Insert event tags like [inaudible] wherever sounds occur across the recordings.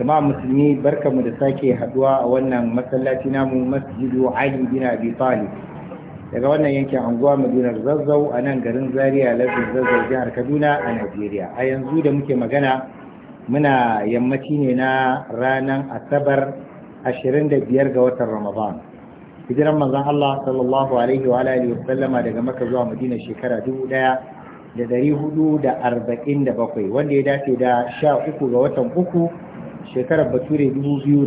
jama'a musulmi mu da sake haduwa a wannan masallaci namu masjidu ali bin abi daga wannan yankin anguwa Madinar zazzau a nan garin zaria lardin zazzau jihar kaduna a najeriya a yanzu da muke magana muna yammaci ne na ranar asabar 25 ga watan ramadan hijiran manzon allah sallallahu alaihi wa alihi wa sallama daga maka zuwa madina shekara 1447 wanda ya dace da 13 ga watan uku shekarar bature 2026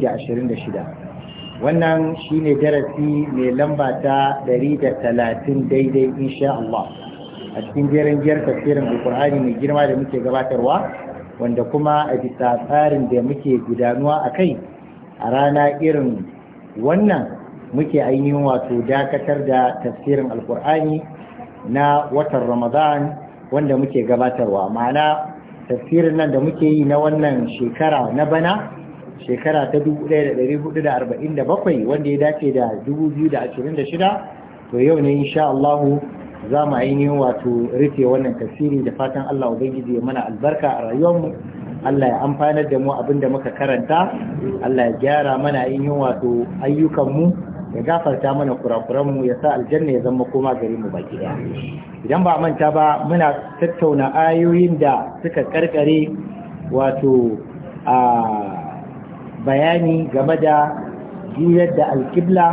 wannan shine darasi mai lamba ta 130 daidai insha Allah a cikin jerin jiyar tafsirin alkur'ani mai girma da muke gabatarwa wanda kuma a bisa tsarin da muke gudanuwa a kai a rana irin wannan muke ainihin wato dakatar da tafsirin alkur'ani na watan ramadan wanda muke gabatarwa ma'ana tafsirin nan da muke yi na wannan shekara na bana shekara ta 1447 wanda ya dace da 2026 to yau ne insha Allah za mu ainihin wato rufe wannan tafsiri da fatan Allah ubangiji ya mana albarka a rayuwar mu. Allah ya amfanar da mu abinda muka karanta Allah ya gyara mana ainihin wato ayyukanmu ya gafarta mana kurakuran mu ya sa aljanna ya zama koma gari mu baki daya idan ba manta ba muna tattauna ayoyin da suka karkare wato a bayani game da juyar da alkibla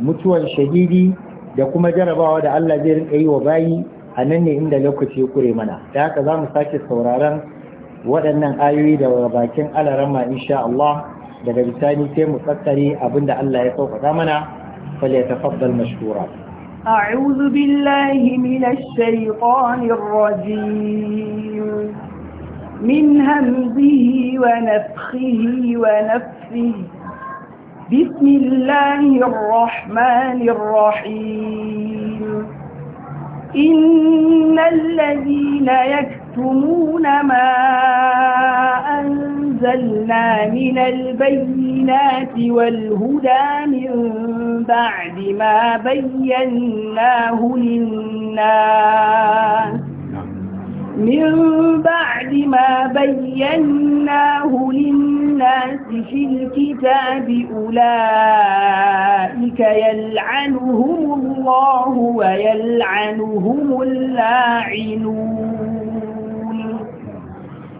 mutuwar shahidi da kuma jarabawa da Allah zai rinka yi wa bayi a nan ne inda lokaci ya kure mana da haka za mu sake sauraron waɗannan ayoyi daga bakin alarama insha Allah daga bisani sai mu tsakkare abinda Allah ya sauƙaƙa mana falyatafaddal mashkura أعوذ بالله من الشيطان الرجيم من همزه ونفخه ونفسه بسم الله الرحمن الرحيم إن الذين يكفرون تكتمون ما أنزلنا من البينات والهدى من بعد ما بيناه للناس من بعد ما بيناه للناس في الكتاب أولئك يلعنهم الله ويلعنهم اللاعنون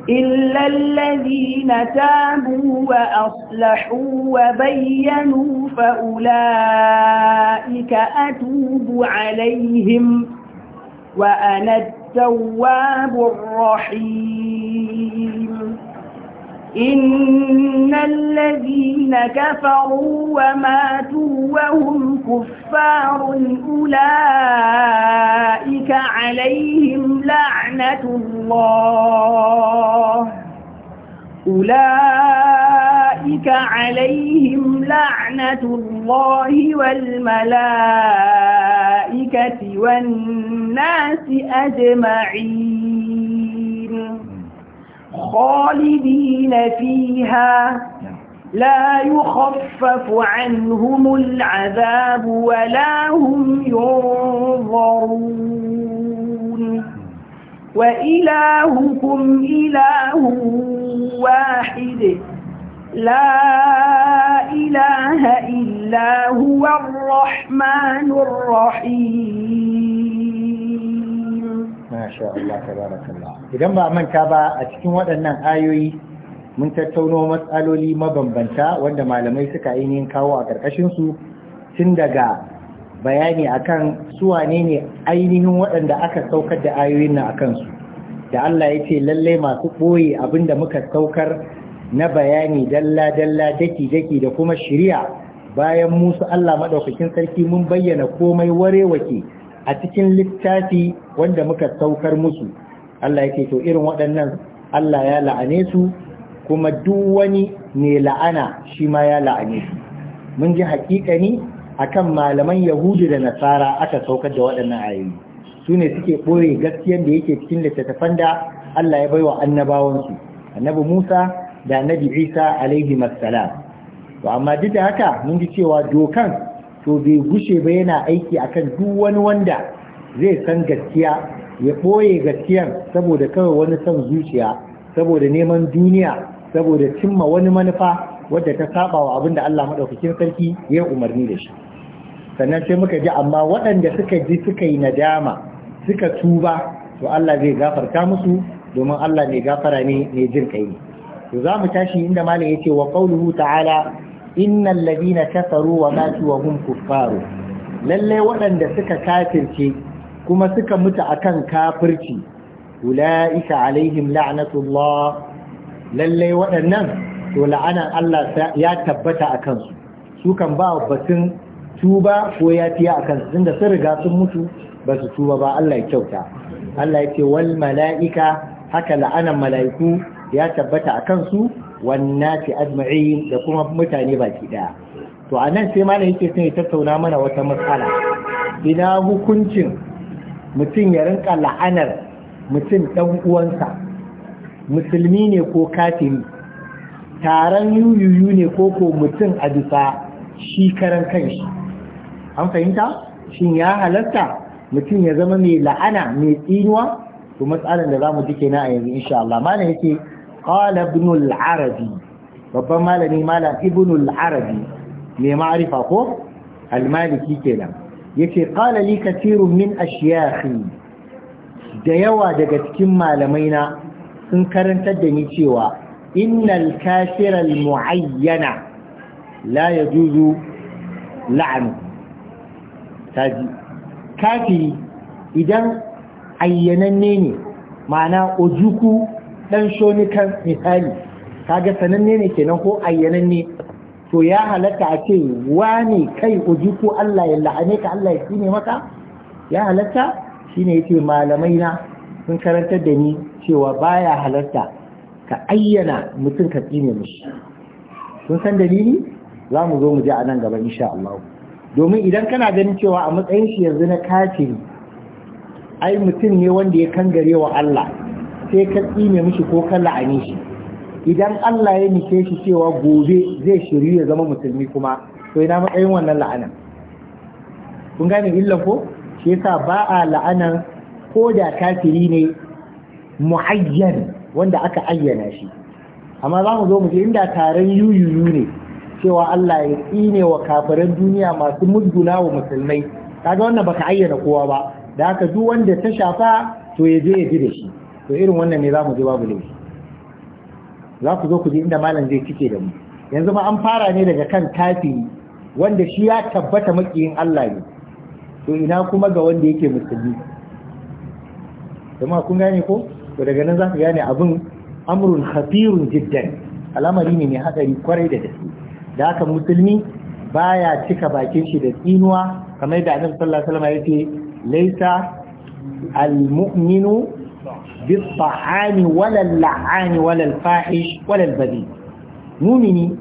إلا الذين تابوا وأصلحوا وبينوا فأولئك أتوب عليهم وأنا التواب الرحيم إن الذين كفروا وماتوا وهم كفار أولئك عليهم لعنة الله أولئك عليهم لعنة الله والملائكة والناس أجمعين خالدين فيها لا يخفف عنهم العذاب ولا هم ينظرون وإلهكم إله واحد لا إله إلا هو الرحمن الرحيم ما شاء الله تبارك الله idan ba manta ba a cikin waɗannan ayoyi mun tattauno matsaloli mabambanta wanda malamai suka ainihin kawo a ƙarƙashinsu tun daga bayani akan suwa ne ainihin waɗanda aka saukar da ayoyin nan a kansu da Allah ya ce lallai masu ɓoye abinda muka saukar na bayani dalla-dalla daki-daki da kuma shirya bayan musu Allah maɗaukakin sarki mun bayyana komai warewake a cikin littafi wanda muka saukar musu Allah yake to irin waɗannan Allah ya la'ane su kuma duk wani ne la'ana shi ma ya la'ane su mun ji haƙiƙani akan malaman yahudu da nasara aka saukar da waɗannan ayoyi su ne suke ɓoye gaskiyan da yake cikin littattafan da Allah ya baiwa annabawansu annabi Musa da annabi Isa alaihi masala. to amma duk da haka mun ji cewa dokan to bai gushe ba yana aiki akan duk wani wanda zai san gaskiya ya ɓoye gaskiyar saboda kawai wani son zuciya saboda neman duniya saboda cimma wani manufa wadda ta saba wa abin da Allah maɗaukakin sarki ya umarni da shi sannan sai muka ji amma waɗanda suka ji suka yi nadama suka tuba to Allah zai gafarta musu domin Allah mai gafara ne mai jin kai to za mu tashi inda malam ce wa qauluhu ta'ala innal ladina kafaru wa matu wa hum kuffaru lalle waɗanda suka kafirce kuma suka mutu akan kafirci ula'ika alaihim la'natullah lallai waɗannan to la'anan Allah ya tabbata a kansu su kan ba batun tuba ko ya tiya a kansu inda sun riga sun mutu ba su tuba ba Allah ya kyauta Allah ya ce wal mala'ika haka la'anan mala'iku ya tabbata a kansu wannati ajma'in da kuma mutane baki daya to anan sai malam yake son ya tattauna mana wata matsala ina hukuncin mutum ya rinka la'anar mutum ɗan uwansa musulmi ne ko kafiri taron yuyuyu ne ko ko mutum a bisa shi karan kanshi an fahimta shin ya halatta mutum ya zama mai la'ana mai tsinuwa to matsalar da za mu ji kenan a yanzu insha Allah malam yake qala ibn al-arabi babban malami malam ibn al-arabi mai ma'arifa ko al-maliki kenan yace qala li kathirun min ashiyahi da yawa daga cikin malamai na sun karantar da ni cewa innal kafiral muayyana la yajuzu la'anu taji kafiri idan ayyananne ne ma'ana ojuku dan kan misali kaga sananne ne kenan ko ayyananne to ya halatta a ce ne, kai uji ko Allah ya la'ane ka Allah ya tsine maka ya halatta shine yace malamai na sun karantar da ni cewa baya halatta ka ayyana mutum ka tsine mishi sun san dalili za mu zo mu je a nan gaba insha Allah domin idan kana ganin cewa a matsayin shi yanzu na kafiri ai mutum ne wanda ya kangare wa Allah sai ka tsine mishi ko ka la'ane shi idan Allah ya nike shi cewa gobe zai shiryu ya zama musulmi kuma to ina matsayin wannan la'anan kun gane illa ko shi yasa ba a la'anan ko da kafiri ne muayyan wanda aka ayyana shi amma za mu zo mu ji inda taron yuyuyu ne cewa Allah ya tsine wa kafiran duniya masu mudduna wa musulmai kaga wannan baka ayyana kowa ba da haka duk wanda ta shafa to ya je ya ji da shi to irin wannan ne za mu je babu laifi za ku zo ku ji inda malam zai cike da mu yanzu ma an fara ne daga kan tafi wanda shi ya tabbata makiyin Allah ne to ina kuma ga wanda yake musulmi jama'a kun gane ko to daga nan za ku gane abin amrun khatirun jiddan al'amari ne mai hadari kwarai da gaske da haka musulmi baya cika bakin shi da tsinuwa kamar da annabi sallallahu alaihi wasallam ya ce laisa al-mu'minu بالطعان ولا اللعان ولا الفاحش ولا البذيء mumini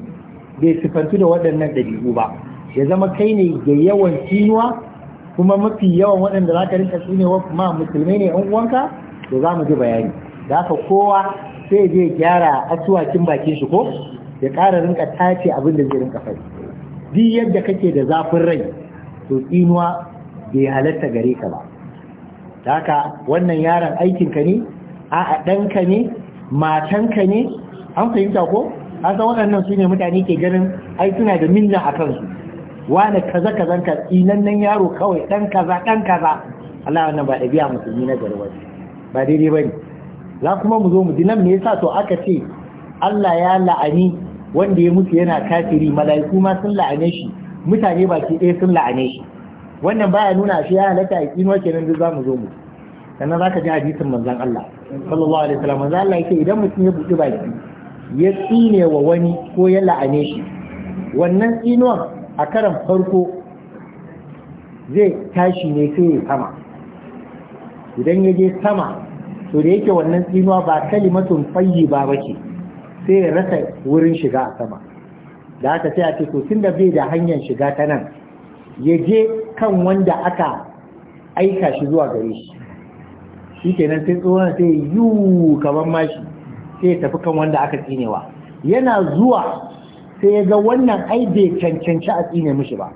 bai sifantu da waɗannan ɗabi'u ba ya zama kai ne da yawan kinuwa kuma mafi yawan waɗanda za ka rinka tsinewa kuma musulmai ne yan uwanka to za mu ji bayani da haka kowa sai zai gyara asuwakin bakin shi ko ya ƙara rinka tace abin da zai rinka faɗi duk yadda kake da zafin rai to tsinuwa bai halatta gare ka ba da haka wannan yaron aikinka ne a ɗanka ne matanka ne an fahimta ko an san waɗannan su ne mutane ke ganin ai suna da minna a kansu Wani kaza kazan ka nan yaro kawai ɗan kaza ɗan kaza Allah wannan ba ɗabi'a musulmi na garwa ba daidai ba ne za kuma mu zo mu ji me yasa to aka ce Allah ya la'ani wanda ya mutu yana kafiri mala'iku ma sun la'ane shi mutane baki ɗaya sun la'ane shi wannan baya nuna shi ya halatta a kinuwa kenan duk zamu zo mu sannan za ka ji hadisin manzon Allah sallallahu alaihi wasallam manzon Allah yake idan mutum ya buɗe baki ya tsine wa wani ko ya la'ane shi wannan tsinuwan a karan farko zai tashi ne sai ya sama idan ya je sama to da yake wannan tsinuwa ba kalimatun fayyi ba bace sai ya rasa wurin shiga a sama da haka sai a ce to tunda bai da hanyar shiga ta nan ya je kan wanda aka aika shi zuwa gare shi shi kenan sai tsohon sai yi kamar mashi sai ya tafi kan wanda aka tsinewa yana zuwa sai ya ga wannan ai bai cancanci a tsine mishi ba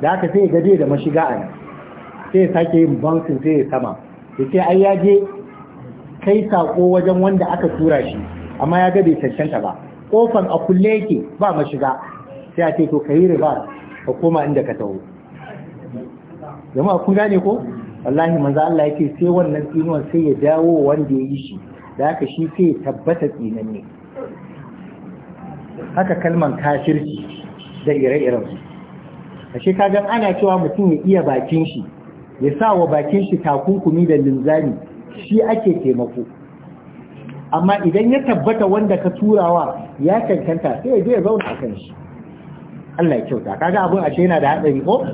da aka sai ya gaje da mashiga a nan sai ya sake yin bankin sai ya sama ya ce ai ya je kai sako wajen wanda aka tura shi amma ya ga bai cancanta ba kofan a kulle yake ba mashiga sai a ce to ka yi ribar ka koma inda ka taho jama'a kun gane ko wallahi manzo Allah yake sai wannan tsinuwan sai ya dawo wanda ya yi shi da haka shi sai ya tabbata ne. haka kalman kafirci da ire-iren su ka ga ana cewa mutum ya iya bakin shi ya sa wa bakin shi takunkumi da linzami shi ake taimako amma idan ya tabbata wanda ka turawa ya kankanta, sai ya je ya zauna a kan shi Allah ya kyauta kaga abun ashe yana da hatsari ko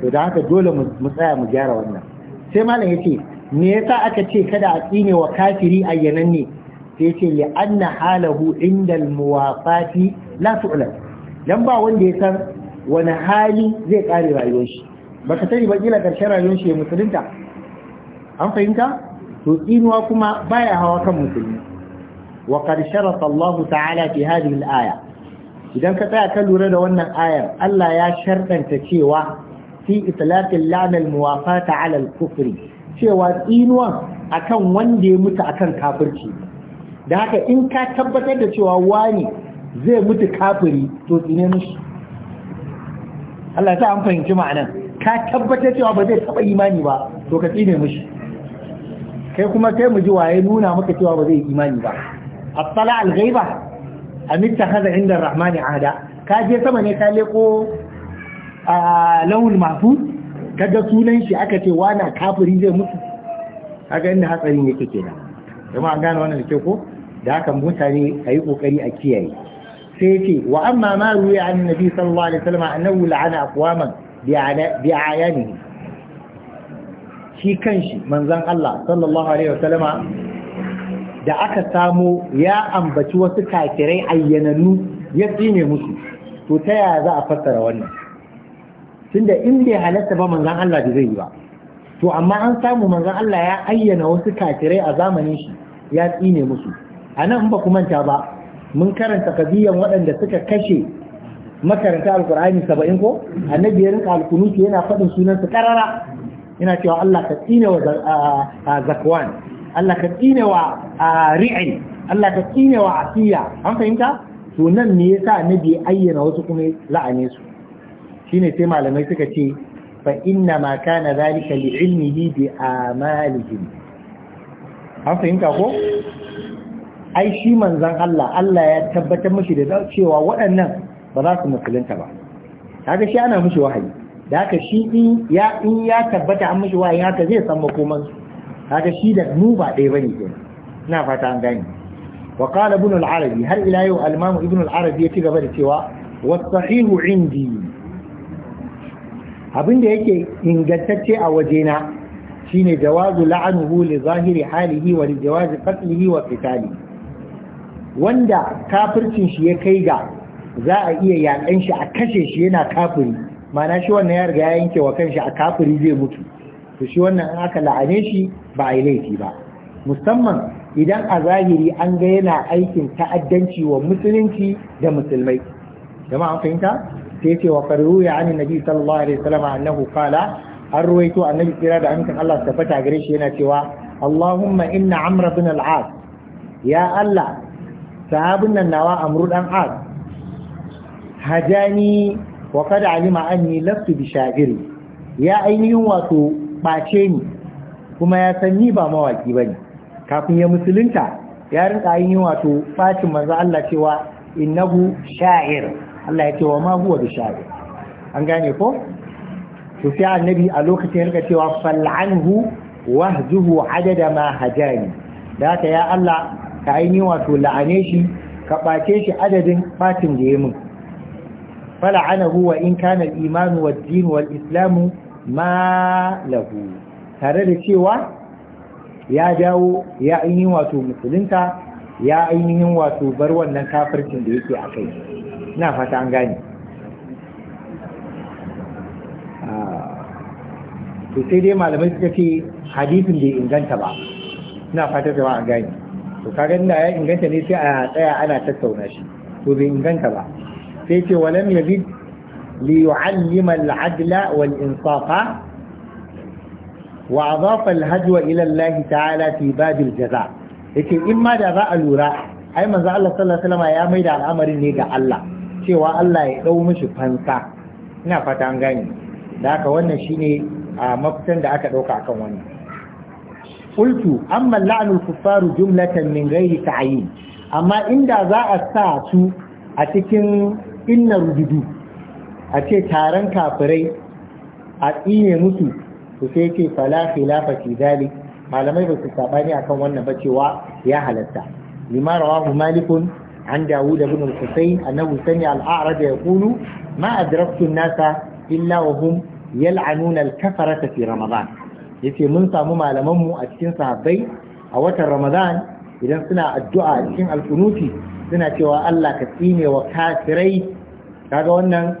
to da haka dole mu tsaya mu gyara wannan sai malam yace me yasa aka ce kada a tsine wa kafiri ayyanan ne sai yace li anna halahu indal muwafati la tu'lam dan ba wanda ya san wani hali zai kare rayuwar shi baka sani ba kila karshen rayuwar shi musulunta an fahimta to tsinuwa kuma baya hawa kan musulmi wa qad sharata ta'ala fi hadhihi idan ka tsaya ka lura da wannan ayar Allah ya shartanta cewa fi itlaqil la'nal muwafata 'ala al-kufri cewa tsinuwan akan wanda ya mutu akan kafirci da haka in ka tabbatar da cewa wani zai mutu kafiri to tsine mushi Allah ya sa an fahimci ma'anan ka tabbatar cewa ba zai taba imani ba to ka tsine mushi kai kuma kai mu ji waye nuna maka cewa ba zai imani ba attala al-ghaiba amitta haza inda rahmani ada. ka je sama ne ka leko a lahul mahfuz kaga sunan shi aka ce wana kafiri zai mutu kaga inda hatsarin yake kenan kuma an gane wannan ke ko da haka mutane a yi kokari a kiyaye sai yace wa amma ma ruya an nabi sallallahu alaihi wasallam annahu la'ana aqwaman bi ayanihi shi kanshi manzon Allah sallallahu alaihi wasallama da aka samo ya ambaci wasu kafirai ayyanannu ya tsine musu to ta yaya za a fassara wannan tunda in bai halatta ba manzon Allah da zai yi ba to amma an samu manzon Allah ya ayyana wasu kafirai a zamanin shi ya tsine musu a nan ba ku manta ba mun karanta kabiyan waɗanda suka kashe makaranta alkur'ani saba'in ko annabi ya rinka alkunuki yana faɗin sunan su karara yana cewa Allah ka tsine wa ah, ah, zakwan Allah ka tsine wa ri'in Allah ka tsine wa asiya an fahimta to nan ne na nabi ayyana wasu kuma la'ane su ne sai malamai suka ce fa inna ma kana zalika li ilmihi bi amalihim an fahimta ko ai shi manzan Allah Allah ya tabbatar mashi da cewa waɗannan ba za su musulunta ba kaga shi ana mashi wahayi da haka shi in ya tabbata an mashi wahayi haka zai san makomansu. kaga shi da mu ba ɗaya bane kenan ina fata an gane wa qala ibn al-arabi har ila yau al-imam ibn al-arabi ya ci gaba da cewa sahihu indi abin da yake ingantacce a wajena shine jawazu la'anuhu li zahiri halihi wa li jawazi qatlihi wa qitali wanda kafircin shi ya kai ga za a iya yakan shi a kashe shi yana kafiri mana shi wannan ya riga ya yanke wa kanshi a kafiri zai mutu to shi wannan in aka la'ane shi ba a yi laifi ba musamman idan a zahiri an ga yana aikin ta'addanci wa musulunci da musulmai jama'a an fahimta sai ce wa faru ya ani nabi sallallahu alaihi wasallam annahu qala an ruwaito annabi kira da amincin Allah ta fata gare shi yana cewa Allahumma inna amra bin al-as ya Allah sahabin nan nawa amru dan as hajani wa qad alima anni lastu bi sha'iri ya ainihin wato ɓace ni kuma ya san ni ba mawaki ba ne kafin ya musulunta ya rinka yin yi wato ɓacin manzo Allah cewa innahu sha'ir Allah ya ce wa ma huwa da sha'ir an gane ko to sai annabi a lokacin rinka cewa fal'anhu wahjuhu adada ma hajani da haka ya Allah ka ainihin wato la'ane shi ka ɓace shi adadin ɓacin da ya min fala'anahu wa in kana al-imanu ad din wal-islamu ma lahu tare da cewa ya dawo ya ainihin wato musulunta ya ainihin wato bar wannan kafircin da yake a kai ina fata an gane ah, to sai dai malamai suka ce hadisin bai inganta ba ina fata zama an gane to kaga inda ya inganta ne sai a tsaya ana tattauna shi to bai inganta ba sai ce walam yazid ليعلم العدل والإنصاف وأضاف الهجو إلى الله تعالى في باب الجزاء لكن إما جزاء الوراء أي من الله صلى الله عليه وسلم يا ميد الأمر نيجا الله cewa Allah ya ɗau mishi fansa ina fata an gani da haka wannan shine a mafitan da aka ɗauka akan wannan qultu amma la'nul kuffaru jumlatan min ghairi amma inda za a sa su a cikin inna rududu a ce taron kafirai a tsine musu to sai ce fala khilafa fi malamai ba su sabani akan wannan ba cewa ya halatta lima rawahu malikun عن da بن الحسين أنه سمع الأعرج يقول ما أدركت الناس إلا وهم يلعنون الكفرة Ramadan. Ya yace mun samu malamanmu a cikin sahabbai a watan Ramadan idan suna addu'a a cikin alkunuti suna cewa Allah ka tsine wa kafirai kaga wannan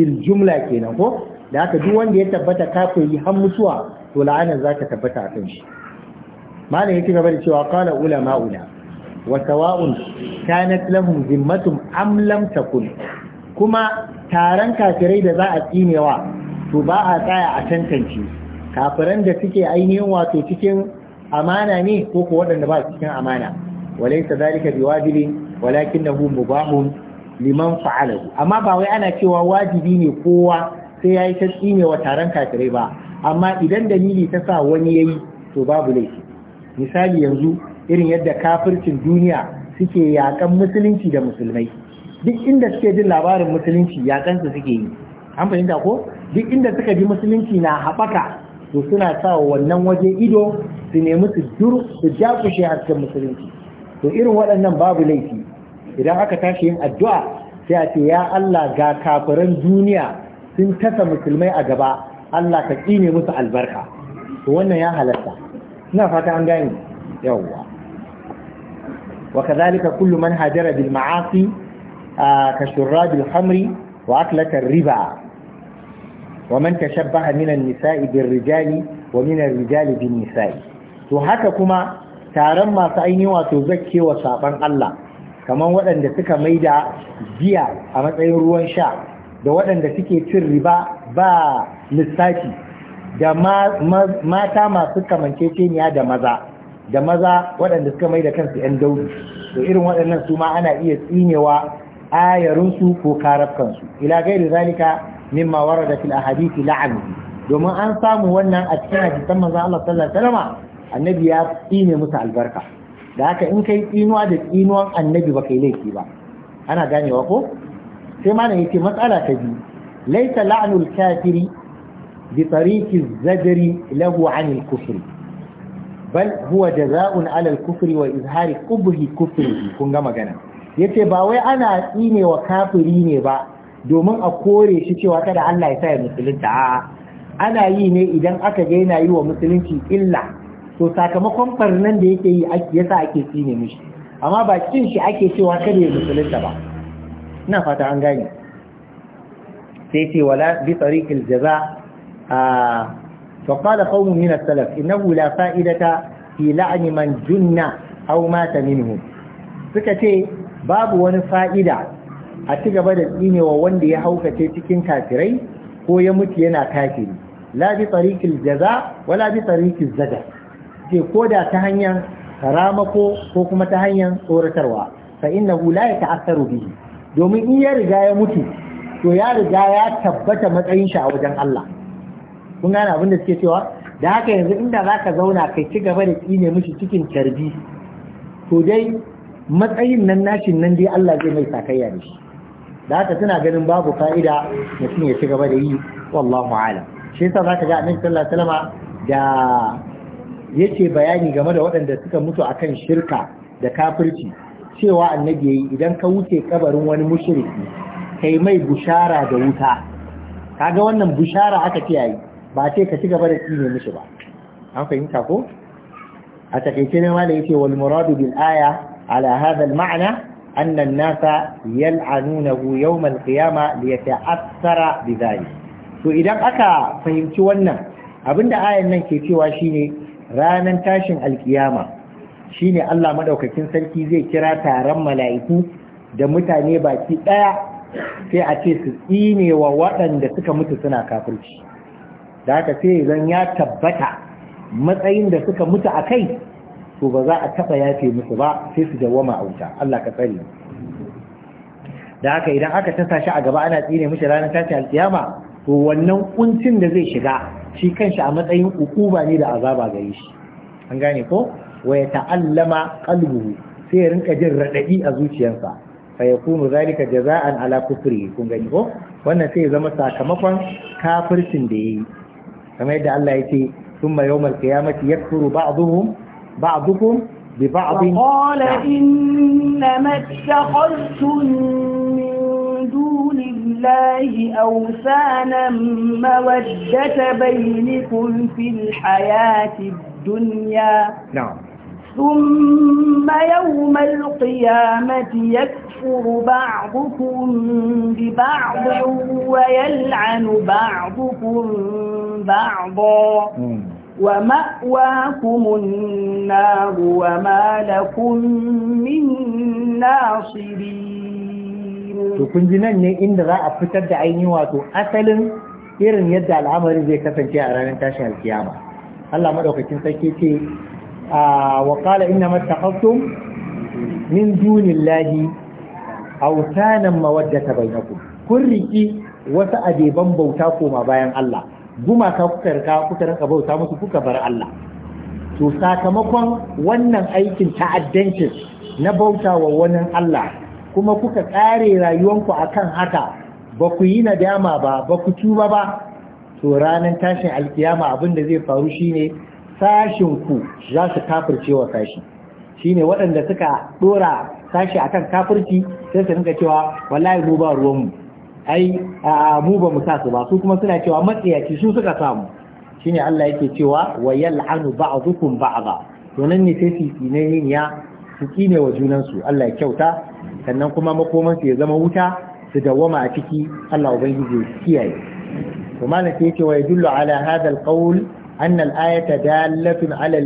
fil jumla kenan ko da haka duk wanda ya tabbata yi har mutuwa to la'anar za tabbata akan shi malam ya ci gaba da cewa qala ulama ula wa sawa'un kanat lahum zimmatum am lam takun kuma taron kafirai da za a tsinewa to ba a tsaya a tantance kafiran da suke ainihin wato cikin amana ne ko ko waɗanda ba cikin amana walaysa zalika biwajibin walakinahu mubahun liman fa'alahu amma ba wai ana cewa wajibi ne kowa sai yayi ta tsine wa taron kafirai ba amma idan dalili ta sa wani yayi to babu laifi misali yanzu irin yadda kafircin duniya suke yakan musulunci da musulmai duk inda suke jin labarin musulunci yakan su suke yi an fahimta ko duk inda suka ji musulunci na haɓaka to suna sa wannan waje ido su nemi su dur su jakushe hasken musulunci to irin waɗannan babu laifi idan aka tashi yin addu'a sai a ce ya Allah ga kafiran duniya sun tasa musulmai a gaba Allah ka tsine musu albarka to wannan ya halatta ina fata an gane yawwa wa kadhalika kullu man hajara bil ma'asi ka shurrab al khamri wa aklat ar riba wa man tashabbaha min an nisa'i bir rijali wa min ar rijali bin nisa'i to haka kuma taron masu ainihin wato zakkewa saban Allah kamar waɗanda suka maida giya a matsayin ruwan sha da waɗanda suke cin riba ba lissafi da mata masu kamanceceniya da maza da maza waɗanda suka maida kansu 'yan dauri to irin waɗannan su ma ana iya tsinewa ayarinsu ko karafkansu ila gairi zalika mimma da fil ahadithi la'an domin an samu wannan a cikin hadisan maza Allah sallallahu alaihi wasallam annabi ya tsine musu albarka da haka in kai tsinuwa da tsinuwan annabi ba kai laifi ba ana ganewa ko sai mana yace matsala ta bi. laisa la'anul kafiri bi tariqi zajri lahu 'an kufri. bal huwa jaza'un 'ala al-kufri wa izhari qubhi kufri. kun ga magana yace ba wai ana tsinewa kafiri ne ba domin a kore shi cewa kada Allah ya sa ya musulunta a'a ana yi ne idan aka ga yana yi wa musulunci illa to sakamakon farnan da yake yi yasa ake tsine mishi amma ba cin shi ake cewa kada ya musulunta ba ina fata an gane sai ce wala bi tariqil jaza a fa qala min salaf innahu la fa'idata fi la'ni man junna aw mata minhu suka ce babu wani fa'ida a ci gaba da tsinewa wanda ya haukace cikin kafirai ko ya mutu yana kafiri la bi tariqil jaza wala bi tariqiz zajar ce ko da ta hanyar ramako ko kuma ta hanyar tsoratarwa fa innahu la ta'assaru bihi domin in ya riga ya mutu to ya riga ya tabbata matsayin shi a wajen Allah kun gane abin da suke cewa da haka yanzu inda zaka zauna kai ci gaba da tsine mishi cikin tarbi, to dai matsayin nan nashin nan dai Allah zai mai sakayya da shi da haka tana ganin babu fa'ida mutum ya ci gaba da yi wallahu alam shi yasa zaka ga annabi sallallahu alaihi wasallama da yake bayani game da waɗanda suka mutu akan shirka da kafirci cewa annabi yayi idan ka wuce kabarin wani mushriki kai mai bushara da wuta kaga wannan bushara aka ce yayi ba ce ka ci gaba da tsine mishi ba an fahimta ko a takaice ne ma da yake wal muradu bil aya ala hadha al ma'na anna an-nasa yal'anunahu yawm al-qiyamah to idan aka fahimci wannan abinda ayan nan ke cewa shine Ranan tashin alkiyama shine Allah madaukakin sarki zai kira taron mala'iku da mutane baki ɗaya sai a ce su tsine wa waɗanda suka mutu suna kafirci da haka sai zan ya tabbata matsayin da suka mutu a kai to ba za a taɓa yafe musu ba sai su dawoma a Allah ka tsare da haka idan aka tasa shi a gaba ana tsine mishi ranar tashin alkiyama to wannan kuncin da zai shiga shi kanshi a matsayin ukuba ne da azaba gare shi an gane ko wa ya ta'allama qalbuhu sai ya rinka jin radadi a zuciyarsa fa yakunu zalika jaza'an ala kufri kun gani ko wannan sai ya zama sakamakon kafircin da yayi kamar yadda Allah ya ce thumma yawmal qiyamati yakfuru ba'dhum ba'dhukum ببعض وقال نعم. إنما اتخذتم من دون الله أوثانا مودة بينكم في الحياة الدنيا نعم ثم يوم القيامة يكفر بعضكم ببعض ويلعن بعضكم بعضا ومأواكم النار وما لكم من ناصرين to kun ji nan ne inda za a fitar da ainihin wato asalin irin yadda al'amarin zai kasance a ranar tashin alkiyama Allah madaukakin sarki ce wa qala inna mattaqaftum min dunillahi awsanan mawaddata bainakum kun riki wasu adeban bauta koma bayan Allah gumaka kuka rika kuka rika bauta musu kuka bar Allah to sakamakon wannan aikin ta'addanci na bauta wa wani Allah kuma kuka tsare rayuwanku akan haka ba ku yi nadama ba ba ku tuba ba to ranar tashin alkiyama abin da zai faru shine sashin ku za su kafirce wa sashi shine waɗanda suka ɗora sashi akan kafirci sai su rinka cewa wallahi mu ba ruwanmu ai mu ba mu sa su ba su kuma suna cewa matsayaci su suka samu shine Allah yake cewa wa yal'anu ba'dukum ba'dha to nan ne sai su ne ya su kine wa junan su Allah ya kyauta sannan kuma makoman su ya zama wuta su dawwama a ciki Allah ubangiji ya kiyaye to malam sai yake wa yadullu ala hadha alqawl anna al-ayata dalatun ala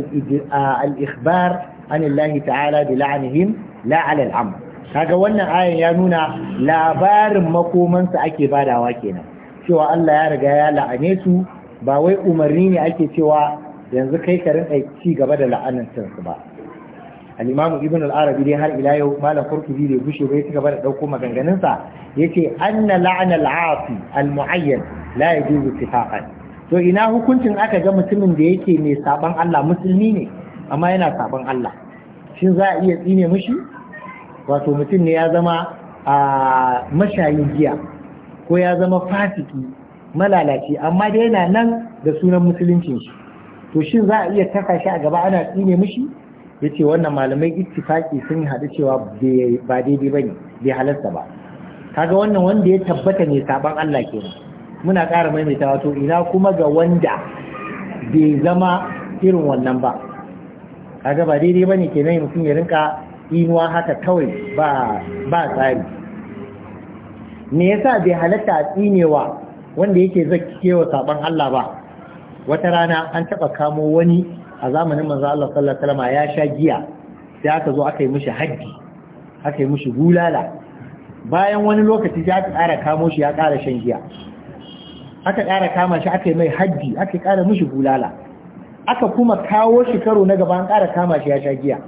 al-ikhbar an Allah ta'ala bi la'anihim la ala kaga wannan ayan ya nuna labarin makomansa ake badawa kenan cewa Allah ya riga ya la'ane su ba wai umarni ne ake cewa yanzu kai ka rinka ci gaba da la'anantar su ba al-imam ibn al-arabi dai har ila yau malam qurtubi da bushe bai ci gaba da dauko maganganun sa yace anna la'ana al aafi al-mu'ayyan la yajuzu ittifaqan to ina hukuncin aka ga mutumin da yake mai saban Allah musulmi ne amma yana saban Allah shin za a iya tsine mishi wato mutum ne ya zama a mashayin giya ko ya zama fasiki malalaci amma dai yana nan da sunan musuluncin shi to shin za a iya taka shi a gaba ana tsine mishi Ya ce wannan malamai ittifaki sun haɗu cewa ba daidai ne bai halarta ba kaga wannan wanda ya tabbata ne saban Allah kenan muna ƙara maimaita wato ina kuma ga wanda bai zama irin wannan ba kaga ba daidai bane kenan mutum ya rinka inuwa haka kawai ba ba tsari me yasa bai halatta a tsinewa wanda yake zakewa saban Allah ba wata rana an taba kamo wani a zamanin manzo Allah sallallahu alaihi wasallam ya sha giya sai aka zo aka yi mishi haddi aka yi mishi bulala bayan wani lokaci sai aka ƙara kamo shi ya ƙara shan giya aka ƙara kama shi aka yi mai haddi aka ƙara mishi bulala aka kuma kawo shi karo na gaba an ƙara kama shi ya sha giya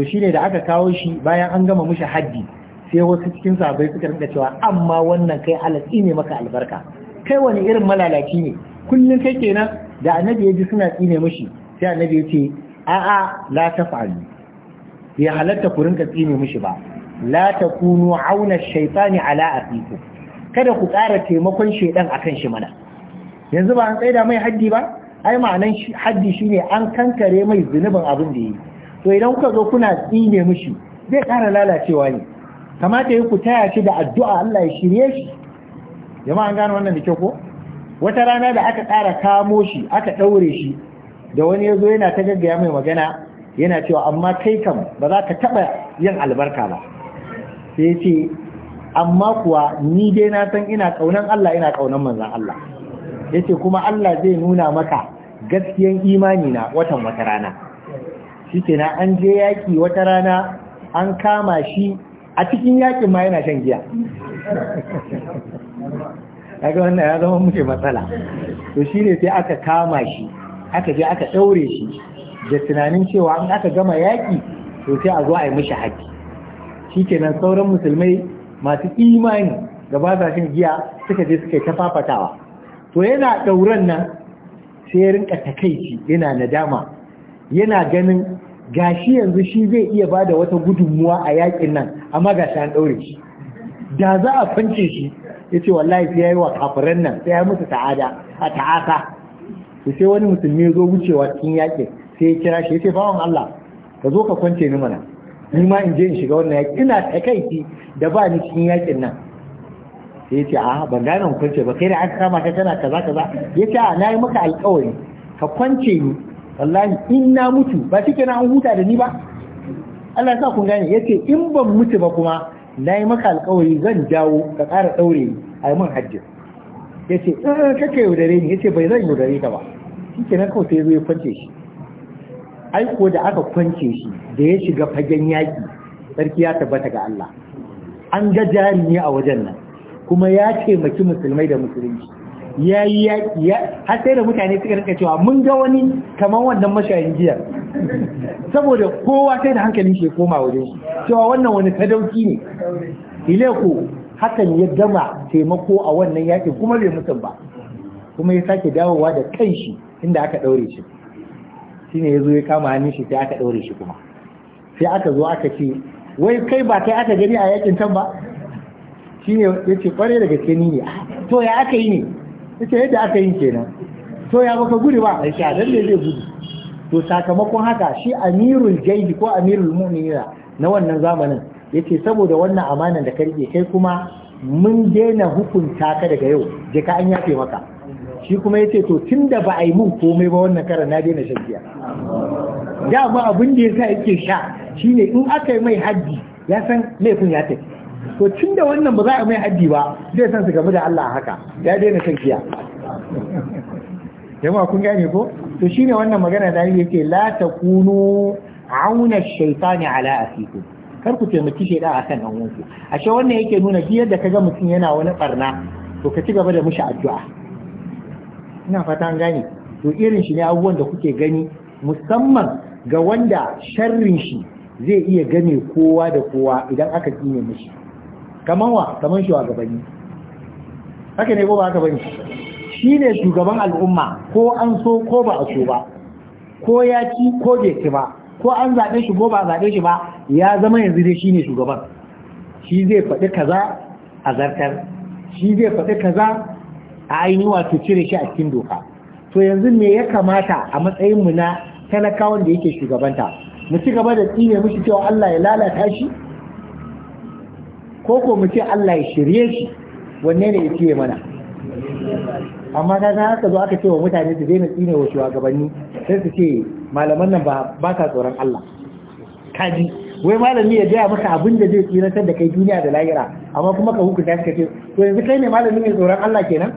to shine da aka kawo shi bayan an gama mashi haddi sai wasu cikin sabai suka rinka cewa amma wannan kai alatsi ne maka albarka kai wani irin malalaci ne kullun kai kenan da annabi ya ji suna tsine mushi sai annabi ya ce a'a la taf'alu ya halatta ku rinka tsine mushi ba la takunu auna shaytani ala aqiku kada ku ƙara taimakon shaydan akan shi mana yanzu ba an tsaida mai haddi ba ai ma'anan haddi shine an kankare mai zunubin abin da yi to idan kuka zo kuna tsine mishi zai kara lalacewa ne kamata yi ku taya shi da addu'a Allah ya shirye shi jama'a an gano wannan da kyau ko wata rana da aka ƙara kamo shi aka ɗaure shi da wani ya zo yana ta gaggaya mai magana yana cewa amma kai kam ba za ka taɓa yin albarka ba sai ya ce amma kuwa ni dai na san ina ƙaunan Allah ina kaunan manzan Allah ya ce kuma Allah zai nuna maka gaskiyan imani na watan wata rana shi na an je yaƙi wata rana an kama shi a cikin yaƙin ma yana shan giya [laughs] kaga wannan ya zama muke matsala to shi ne sai aka kama shi aka je aka ɗaure shi da tunanin cewa an aka gama yaƙi to sai a zo a yi mishi haƙi shi kenan sauran musulmai masu imani da ba sa shan giya suka je suka yi ta fafatawa to yana ɗauren nan sai ya rinka takaici yana nadama yana ganin gashi yanzu shi zai iya ba da wata gudunmuwa a yakin nan amma gashi an ɗaure shi da za a kwance shi ya ce wallahi sai ya yi wa kafiran nan sai ya musu ta'ada a ta'asa to sai wani musulmi zo wucewa cikin yakin sai ya kira shi ya ce bawan Allah ka zo ka kwance ni mana ni ma in je in shiga wannan yakin ina takaici da ba ni cikin yakin nan sai ya ce a ban gane kwance ba kai da aka kama ka tana kaza kaza ya ce a na yi maka alkawari ka kwance ni wallahi in na mutu ba shi kenan an huta da ni ba Allah sa kun gane yace in ban mutu ba kuma na yi maka alkawari zan jawo ka ƙara ɗaure ni a yi min hajji yace in eh, eh, kake yaudare ni yace bai zan yaudare ka ba shi kenan kawai sai zo ya kwance shi aiko da aka kwance shi da ya shiga fagen yaki, sarki ya tabbata ga Allah an ga ne a wajen nan kuma ya taimaki musulmai da musulunci ya yi ya har sai da mutane suka rika cewa mun ga wani kamar wannan mashayin jiya saboda kowa sai da hankalin shi koma wajen cewa wannan wani sadauki ne Ile-ku hakan ya gama taimako a wannan yaƙin, kuma bai mutum ba kuma ya sake dawowa da shi inda aka ɗaure shi shi ne ya kama hannun shi sai aka ɗaure shi kuma sai aka zo aka ce wai kai ba kai aka gani a yaƙin can ba ya ce kware daga ke ni ne ah, to ya aka yi ne ita yadda aka yin kenan to ya baka gudu ba aisha dan ne zai gudu to sakamakon haka shi amirul jaihi ko amirul mu'minina na wannan zamanin yace saboda wannan amanan da karke kai kuma mun daina hukunta ka daga yau je ka an yafe maka shi kuma yace to tunda ba a yi mun komai ba wannan karan na daina shan giya ba abin da yasa yake sha shine in aka yi mai haddi ya san laifin ya tafi to tun da wannan ba za a mai haddi ba zai san su game da Allah haka ya daina san giya ma kun gane ko to shine wannan magana da yake la takunu auna shaytani ala asikum kar ku taimaki shaidan akan dan uwanku ashe wannan yake nuna biyar da kaga mutum yana wani barna to ka ci gaba da mushi addu'a ina fata an gane to irin shi ne abubuwan da kuke gani musamman ga wanda sharrin shi zai iya gane kowa da kowa idan aka kine mishi kamar wa wa gabani haka ne ko ba haka bani shi ne shugaban al'umma ko an so ko ba a so ba ko ya ci ko bai ci ba ko an zaɓe shi ko ba a zaɓe shi ba ya zama yanzu dai shi ne shugaban shi zai faɗi kaza a zartar shi zai faɗi kaza a ainihi wato cire shi a cikin doka to yanzu me ya kamata a matsayinmu na talakawan da yake shugabanta mu ci gaba da tsine mushi cewa Allah ya lalata shi ko ko mu ce Allah ya shirye shi wanne ne ya fiye mana amma ka san haka zo aka ce wa mutane su daina tsine wa shugabanni sai su ce malaman nan ba ba ka tsoron Allah kaji wai malami ya gaya maka abin da zai tsiratar da kai duniya da lahira amma kuma ka hukunta ka ce to yanzu kai ne malamin mai tsoron Allah kenan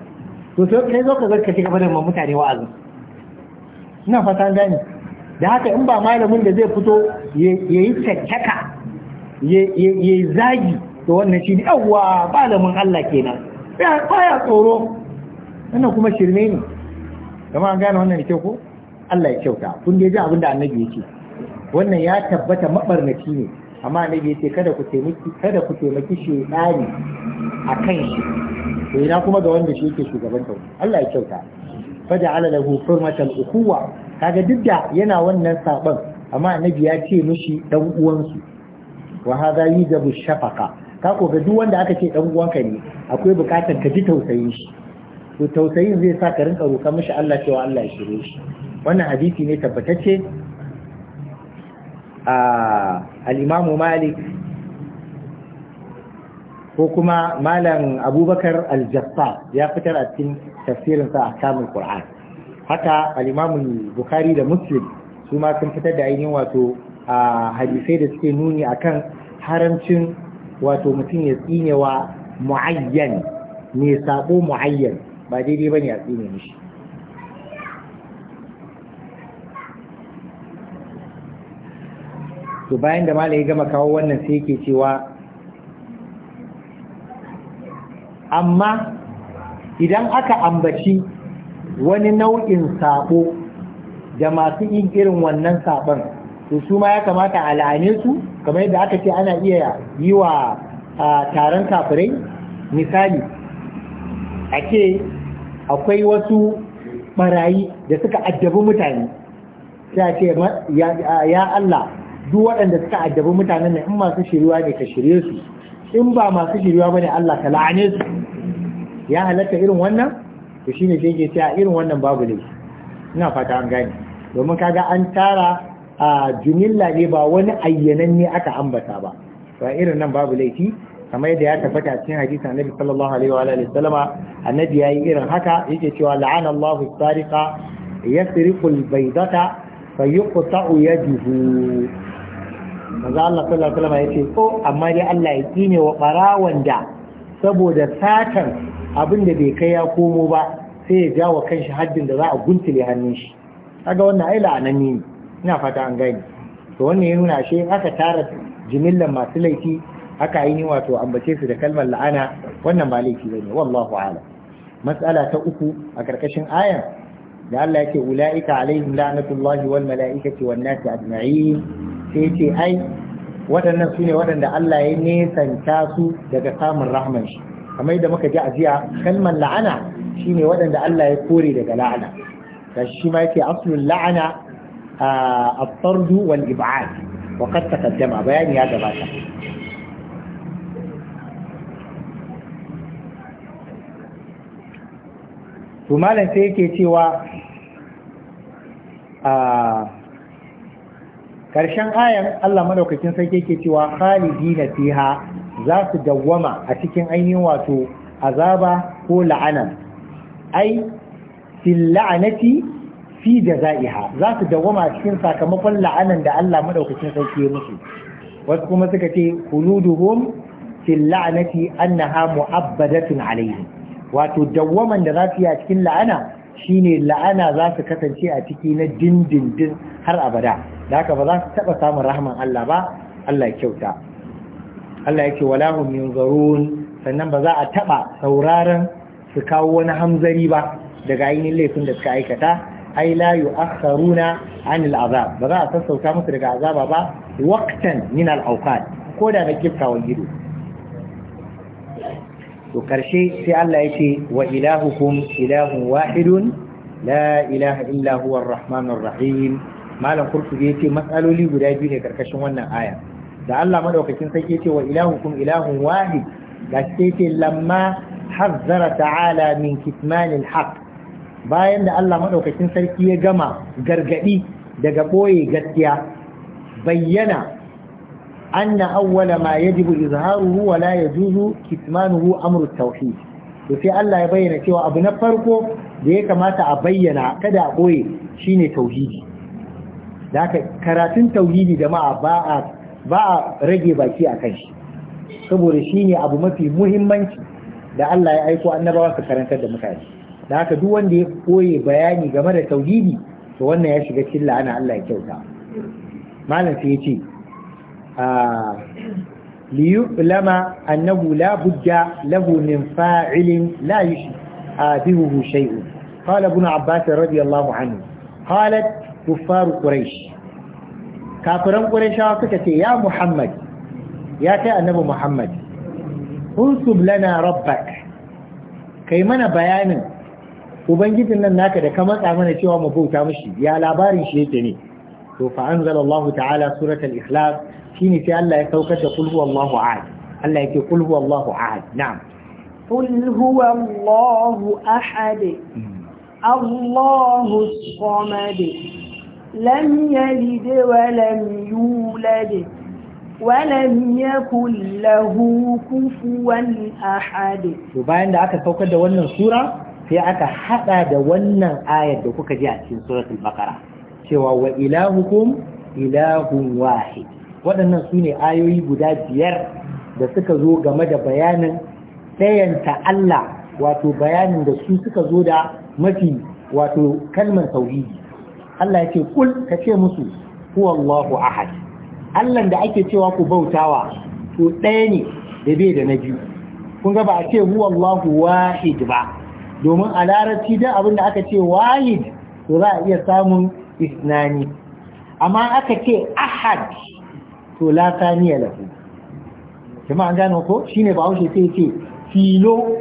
to sai kai zo ka zarka ka gaba da mutane wa'azi ina fata gani da haka in ba malamin da zai fito ya yi yayi ya yi zagi to wannan shi ne yawwa malamin Allah kenan baya tsoro wannan kuma shirme ne kuma an gane wannan kyau ko Allah ya kyauta kun dai ji abin da annabi ce. wannan ya tabbata mabarnaci ne amma annabi yace kada ku taimaki kada ku taimaki shedani akan shi to ina kuma ga wanda shi yake shugaban ta Allah ya kyauta faja'ala lahu hurmatal ukhuwa kaga duk da yana wannan saban amma annabi ya ce mishi dan uwansu wa hadha yujabu shafaqa ka ko ga duk wanda aka ce dan uwanka ne akwai bukatar ka ji tausayin shi to tausayin zai sa ka rinka roƙa mishi Allah cewa Allah ya shirye shi wannan hadisi ne tabbatacce a al-Imam Malik ko kuma malam abubakar Al-Jaffa ya fitar a cikin tafsirinsa a Ahkamul Qur'an haka al-Imam Bukhari da muslim su ma sun fitar da ainihin wato a hadisai da suke nuni akan haramcin wato mutum ya tsine wa mu'ayyan ne sabo mu'ayyan ba daidai bane ya tsine mishi to bayan da malai ya gama kawo wannan sai yake cewa amma idan aka ambaci wani nau'in sabo da masu yin irin wannan sabon to su ma ya kamata a la'ane su kamar yadda aka ce ana iya yi wa taron kafirai misali a ce akwai wasu barayi da suka addabi mutane sai a ce ya Allah duk waɗanda suka addabi mutanen ne in masu shiriwa ne ka shirye su in ba masu shiriwa bane Allah ka la'ane su ya halatta irin wannan to shine shi ke cewa irin wannan babu laifi ina fata an gane domin kaga an tara a jumilla ne ba wani ayyanan ne aka ambata ba ba irin nan babu laifi kamar yadda ya tabbata cikin hadisi annabi sallallahu alaihi wa alihi sallama annabi yayi irin haka yake cewa la'ana Allahu sariqa yasriqu al-baydata fayuqta'u yadihi manzo Allah sallallahu alaihi wa yace ko oh, amma dai Allah ya kine wa barawan da saboda satan abin da bai kai ya komo ba sai ya jawo kanshi haddin da za a guntule hannun shi kaga wannan ai la'anani ne ina fata an gani to wannan ya nuna shi aka tara jimillan masu laifi aka yi ni wato ambace su da kalmar la'ana wannan ba laifi bane wallahu ala Matsala ta uku a karkashin ayan da Allah yake ulaika alaihim la'natullahi wal mala'ikati wan nasi ajma'in sai ce ai waɗannan su ne waɗanda Allah ya nesanta su daga samun rahman shi kamar da muka ji a jiya kalmar la'ana shine waɗanda Allah ya kore daga la'ana gashi shi ma yake aslul la'ana الطرد والإبعاد وقد تقدم بيان هذا باشا to malam sai yake cewa a ƙarshen ayan Allah madaukakin sarki yake cewa khalidina fiha za su dawwama a cikin ainihin wato azaba ko la'ana ai fil la'anati fi jazaiha za su dawama cikin sakamakon la'anan da Allah madaukakin sarki ya musu wasu kuma suka ce khuluduhum fil la'nati annaha mu'abbadatun alaihim wato dawwaman da za su yi a cikin la'ana shine la'ana za su kasance a ciki na dindindin har abada da haka ba za su taba samun rahman Allah ba Allah ya kyauta Allah yake wala yunzarun sannan ba za a taba sauraron su kawo wani hamzari ba daga ainihin laifin da suka aikata ai la yu'akhkharuna anil azab ba za a sassauta musu daga azaba ba waqtan min al awqat ko da na kiftawan gido to karshe sai Allah ya ce wa ilahukum ilahun wahidun la ilaha illa huwa ar-rahmanur rahim malam kurtubi yace matsaloli guda biyu ne karkashin wannan aya da Allah madaukakin sai yace wa ilahukum ilahun wahid da sai yace lamma hazzara ta'ala min kitmanil haqq bayan da Allah maɗaukacin sarki ya gama gargaɗi daga ɓoye gaskiya bayyana an na awwala ma jibu izharuhu wa la yajuzu kitmanuhu amru tauhid to sai Allah ya bayyana cewa abu na farko da ya kamata a bayyana kada a ɓoye shine tauhidi da haka karatun tauhidi jama'a ba a ba a rage baki a kan shi saboda shine abu mafi muhimmanci da Allah ya aiko annabawa su karantar da mutane da haka duk wanda ya koye bayani game da tauhidi to wannan ya shiga cikin la'ana Allah ya kyauta malam sai ya ce ah, li yu'lama annahu la budda lahu min fa'ilin la yushbihu shay'un qala ibn abbas radiyallahu anhu qalat kuffar quraish kafiran quraishawa suka ce ya muhammad ya kai annabi muhammad unsub lana rabbak kai mana bayanin ubangijin nan naka da ka matsa mana cewa mu bauta mishi ya labarin shi yake ne to fa anzalallahu ta'ala suratul ikhlas shine sai Allah ya saukar da kul huwallahu ahad Allah yake kul huwallahu ahad na'am kul huwallahu ahad Allahu samad lam yalid wa lam yulad ولم يكن له كفوا bayan da aka saukar da wannan sura. sai aka hada da wannan ayar da kuka ji a cikin suratul baqara cewa wa ilahukum ilahun wahid waɗannan su ne ayoyi guda biyar da suka zo game da bayanin tsayanta Allah wato bayanin da su suka zo da mafi wato kalmar tauhidi Allah ya ce kul ka ce musu huwa ahad Allah da ake cewa ku bautawa to ɗaya ne da bai da na biyu kun ga ba a ce huwa wahid ba domin a larabci don abin da aka ce wahid to za a iya samun isnani amma aka ce ahad to la saniya lahu jama'a gano ko shine bahaushe sai ce filo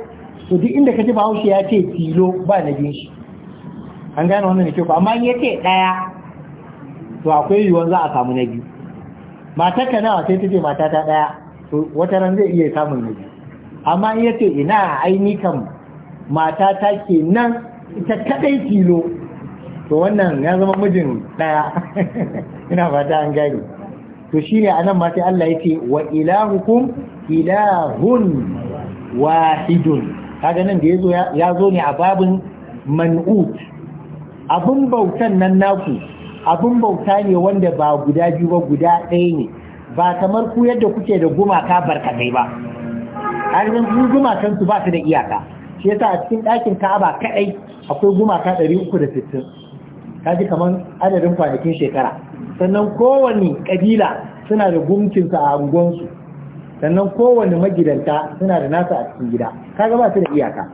to duk inda kaji bahaushe ya ce filo ba na bin shi an gano wannan da ku, amma in ya ce ɗaya to akwai yiwuwar za a samu na biyu matar ka nawa sai ta ce mata ta ɗaya to wata ran zai iya samun na biyu amma in ya ce ina aini ni mata ta ke nan ita kadai tilo to wannan ya zama mijin daya [laughs] ina fata an gani to shine anan ma sai Allah yake wa ilahukum ilahun wahidun kaga nan da yazo ya zo ne a babin man'ut abun bautan nan naku abun bauta ne wanda ba guda biyu ba guda ɗaya ne ba kamar ku yadda kuke da gumaka barkatai ba har yanzu gumakan ba su da iyaka shi yasa a cikin ɗakin ka'aba kaɗai akwai gumaka ɗari uku da sittin, kaji kamar adadin kwanakin shekara sannan kowane ƙabila suna da gumkinsu a angonsu sannan kowane magidanta suna da nasa a cikin gida ka gaba su da iyaka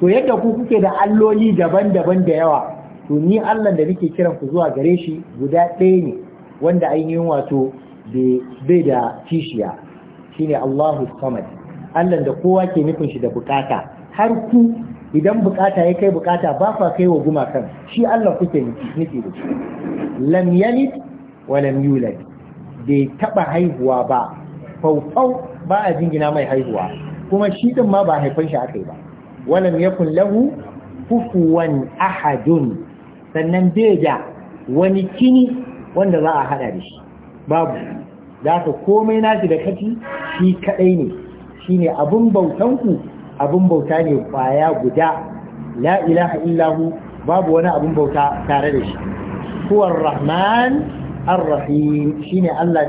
to yadda ku kuke da alloli daban-daban da yawa to ni allah da nake kiran ku zuwa gare shi guda ɗaya ne wanda ainihin wato bai da kishiya shine allahu samad allah da kowa ke nufin shi da bukata har ku idan bukata ya kai bukata ba fa kai wa gumakan shi Allah kuke nufi da shi lam yalid wa lam yulad bai taba haihuwa ba faufau ba a jingina mai haihuwa kuma shi din ma ba haifan shi akai ba walam yakun lahu kufuwan ahadun sannan bai da wani kini wanda za a hada da shi babu za ka komai nashi da kaci shi kadai ne shine abun ku? abin bauta ne kwaya guda la ilaha illahu babu wani abin bauta tare da shi huwa rahman ar-rahim shine Allah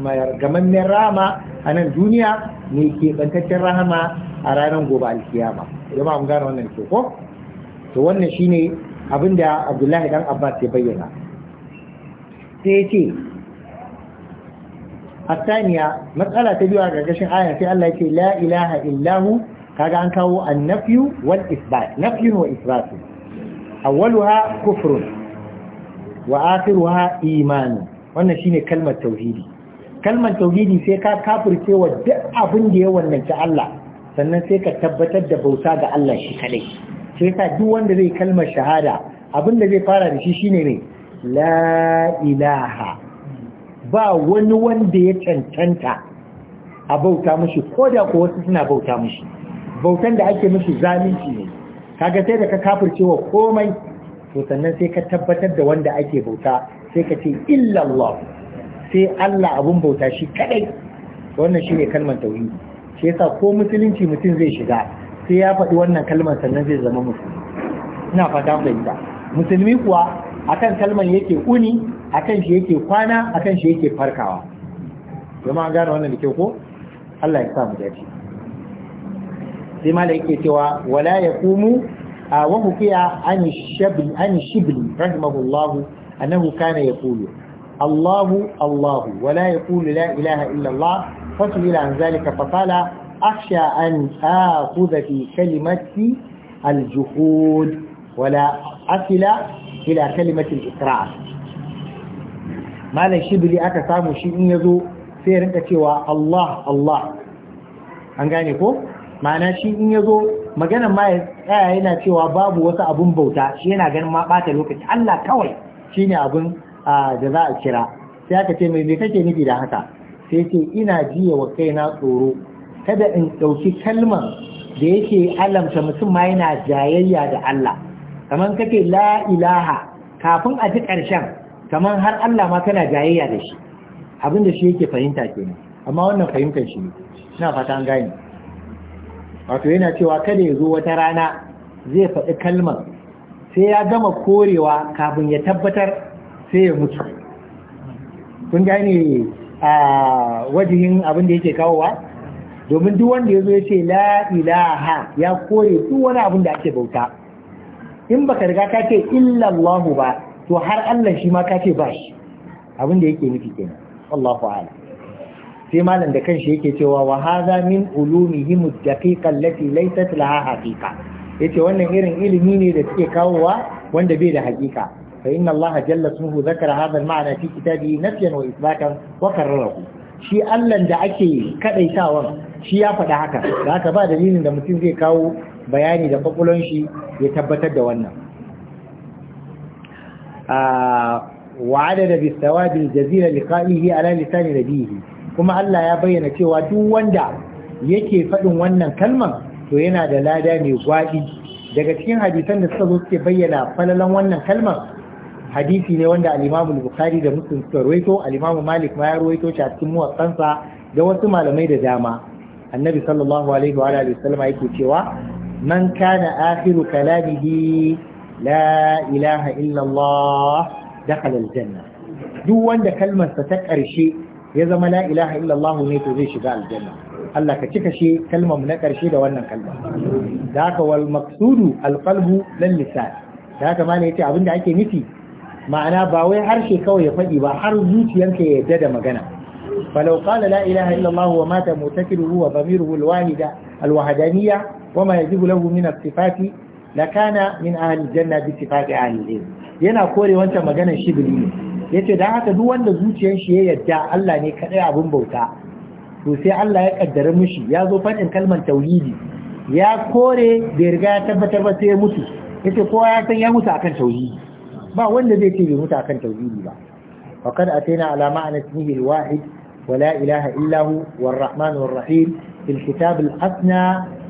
mai gamannin rama a nan duniya mai keɓantaccen rahama a ranar gobe alkiyama jama'a mun gane wannan ke ko to wannan shine abin da Abdullahi dan Abbas ya bayyana sai ce ta biyu a على قشن sai Allah ya ce la ilaha illahu. kaga an kawo annafyu wal isbat nafyun wa isbat awwaluha kufrun wa akhiruha imanu, wannan shine kalmar tauhidi kalmar tauhidi sai ka kafirce wa duk abin da ya wannanci Allah sannan sai ka tabbatar da bauta ga Allah shi kadai sai ka duk wanda zai kalmar shahada abin da zai fara da shi shine ne la ilaha ba wani wanda ya cancanta a bauta mushi ko da ko wasu suna bauta mushi bautan da ake musu zalunci ne kaga sai da ka kafircewa komai to sannan sai ka tabbatar da wanda ake bauta sai ka ce illallah sai Allah abun bauta shi kadai wannan shine kalmar tauhid shi yasa ko musulunci mutum zai shiga sai ya faɗi wannan kalmar sannan zai zama musulmi ina fata fahimta musulmi kuwa akan kalmar yake uni akan shi yake kwana akan shi yake farkawa jama'a gane wannan da kyau ko Allah ya sa mu dace sai ma da yake cewa wala ya kumu a wahu kiya an shibli rahimahullahu annahu kana ya Allahu Allahu wala ya kulu la ilaha illallah fasu ila an zalika fasala akhsha an akhudha fi aljuhud wala asila ila kalimati alikra malam shibli aka samu shi in yazo sai ya rinka cewa Allah Allah an gane ko ma'ana shi in ya zo maganan ma ya yana cewa babu wasu abun bauta shi yana ganin ma ɓata lokaci Allah kawai shi ne abin da za a kira sai aka ce mai me kake nufi da haka sai ce ina jiya wa kaina tsoro kada in ɗauki kalman da yake alamta mutum ma yana jayayya da Allah kamar kake la ilaha kafin a ji ƙarshen kamar har Allah ma kana jayayya da shi abin da shi yake fahimta kenan amma wannan fahimtar shi ne ina fata an gane wato yana cewa kada ya zo wata rana zai faɗi kalmar sai ya gama korewa kafin ya tabbatar sai ya mutu kun gane a wajihin abin da yake kawowa domin duk wanda ya zo ya ce la ya kore duk wani abin da ake bauta in baka riga ka ce illallahu ba to har Allah shi ma ka ce ba shi abin da yake nufi kenan Allahu a'lam sai malam da kanshi yake cewa wa hadha min ulumihim ad-daqiqa allati laysat laha haqiqa yace wannan irin ilimi ne da suke kawowa wanda bai da haqiqa fa inna Allah jalla sunuhu zakara hadha al-ma'na fi kitabihi nafyan wa isbatan wa shi Allah da ake kadaitawan shi ya faɗa haka da haka ba dalilin da mutum zai kawo bayani da kwakwalon shi ya tabbatar da wannan وعدد بالثواب الجزيل لقائه على لسان نبيه kuma Allah ya bayyana cewa duk wanda yake faɗin wannan kalman to yana da lada mai gwaɗi daga cikin hadisan da suka zo suke bayyana falalan wannan kalman hadisi ne wanda al-Imam Bukhari da Muslim suka rawaito al-Imam Malik ma ya rawaito shi a cikin da wasu malamai da dama annabi sallallahu alaihi wa alihi wasallam yake cewa man kana akhiru kalamihi la ilaha illa Allah dakhala al-janna duk wanda kalmarsa ta ƙarshe ya zama la ilaha illallah ne to zai shiga aljanna Allah ka cika shi kalmar na karshe da wannan kalma da haka wal maqsudu al qalbu lil lisan da haka malai yace abinda ake nufi ma'ana ba wai harshe kawai ya faɗi ba har zuciyanka ya yarda da magana falau qala la ilaha illallah wa mata mutakiruhu wa dhamiruhu al wahida al wahdaniyya wa yajibu lahu min sifati lakana min ahli janna bi sifati ahli yana kore wancan maganar shibli ne yace da haka duk wanda zuciyar shi ya yadda Allah ne kadai abin bauta to sai Allah ya kaddara mushi ya zo fadin kalmar tauhidi ya kore bai riga ya tabbatar ba sai ya mutu yace kowa ya san ya mutu akan tauhidi ba wanda zai ce bai mutu akan tauhidi ba faqad ataina ala ma'ana ismihi al-wahid ولا إله إلا Rahman والرحمن Rahim, في الكتاب الحسنى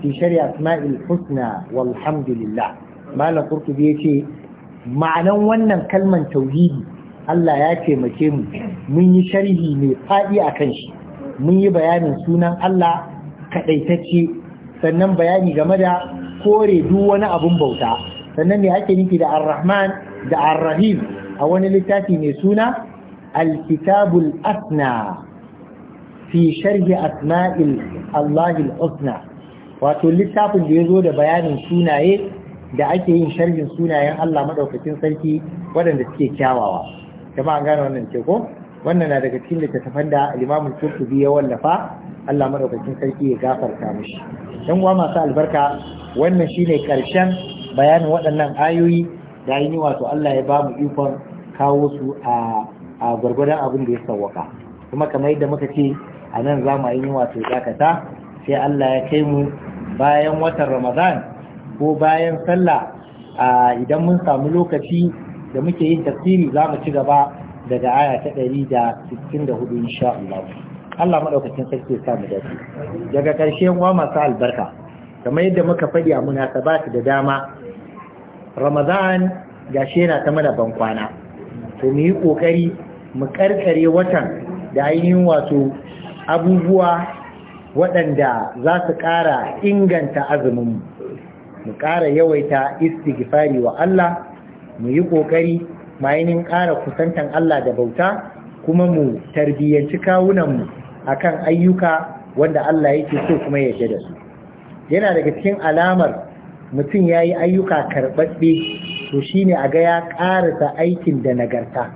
في شرع أسماء الحسنى والحمد لله ما لقرت بيتي ma'anan wannan كلمة توحيدي Allah ya taimake mu mun yi sharhi mai faɗi a kan shi mun yi bayanin sunan Allah kaɗaitacce sannan bayani game da kore duk wani abun bauta sannan me ake nufi da ar-rahman da ar-rahim a wani littafi mai suna al-kitabul asna fi sharhi asma'il Allah al wato littafin da ya zo da bayanin sunaye da ake yin sharhin sunayen Allah madaukakin sarki waɗanda suke kyawawa jama'a gane wannan ce ko wannan na daga cikin littattafan da Limamin imam biyu ya wallafa Allah madaukakin sarki ya gafarta mishi dan uwa masu albarka wannan shine karshen bayanin waɗannan ayoyi da yi wato Allah ya ba mu ikon kawo su a gwargwadon abin da ya sawwaka kuma kamar yadda muka ce a nan za mu yi wato dakata sai Allah ya kai mu bayan watan Ramadan ko bayan sallah idan mun samu lokaci da muke yin tafsiri za mu ci gaba daga aya ta 164 insha Allah Allah madaukakin sarki ya samu dace daga ƙarshe wa masu albarka kamar yadda muka faɗi a munasabat da dama Ramadan gashi yana ta mana ban kwana to mu yi kokari mu karkare watan da ainihin wato abubuwa waɗanda za su ƙara inganta azumin mu ƙara yawaita istighfari wa Allah mu yi ƙoƙari mu ƙara kusantan Allah da bauta kuma mu tarbiyyanci kawunanmu a kan ayyuka wanda Allah yake so kuma ya da su yana daga cikin alamar mutum ya yi ayyuka karɓaɓɓe to shi ne a gaya ya ƙarasa aikin da nagarta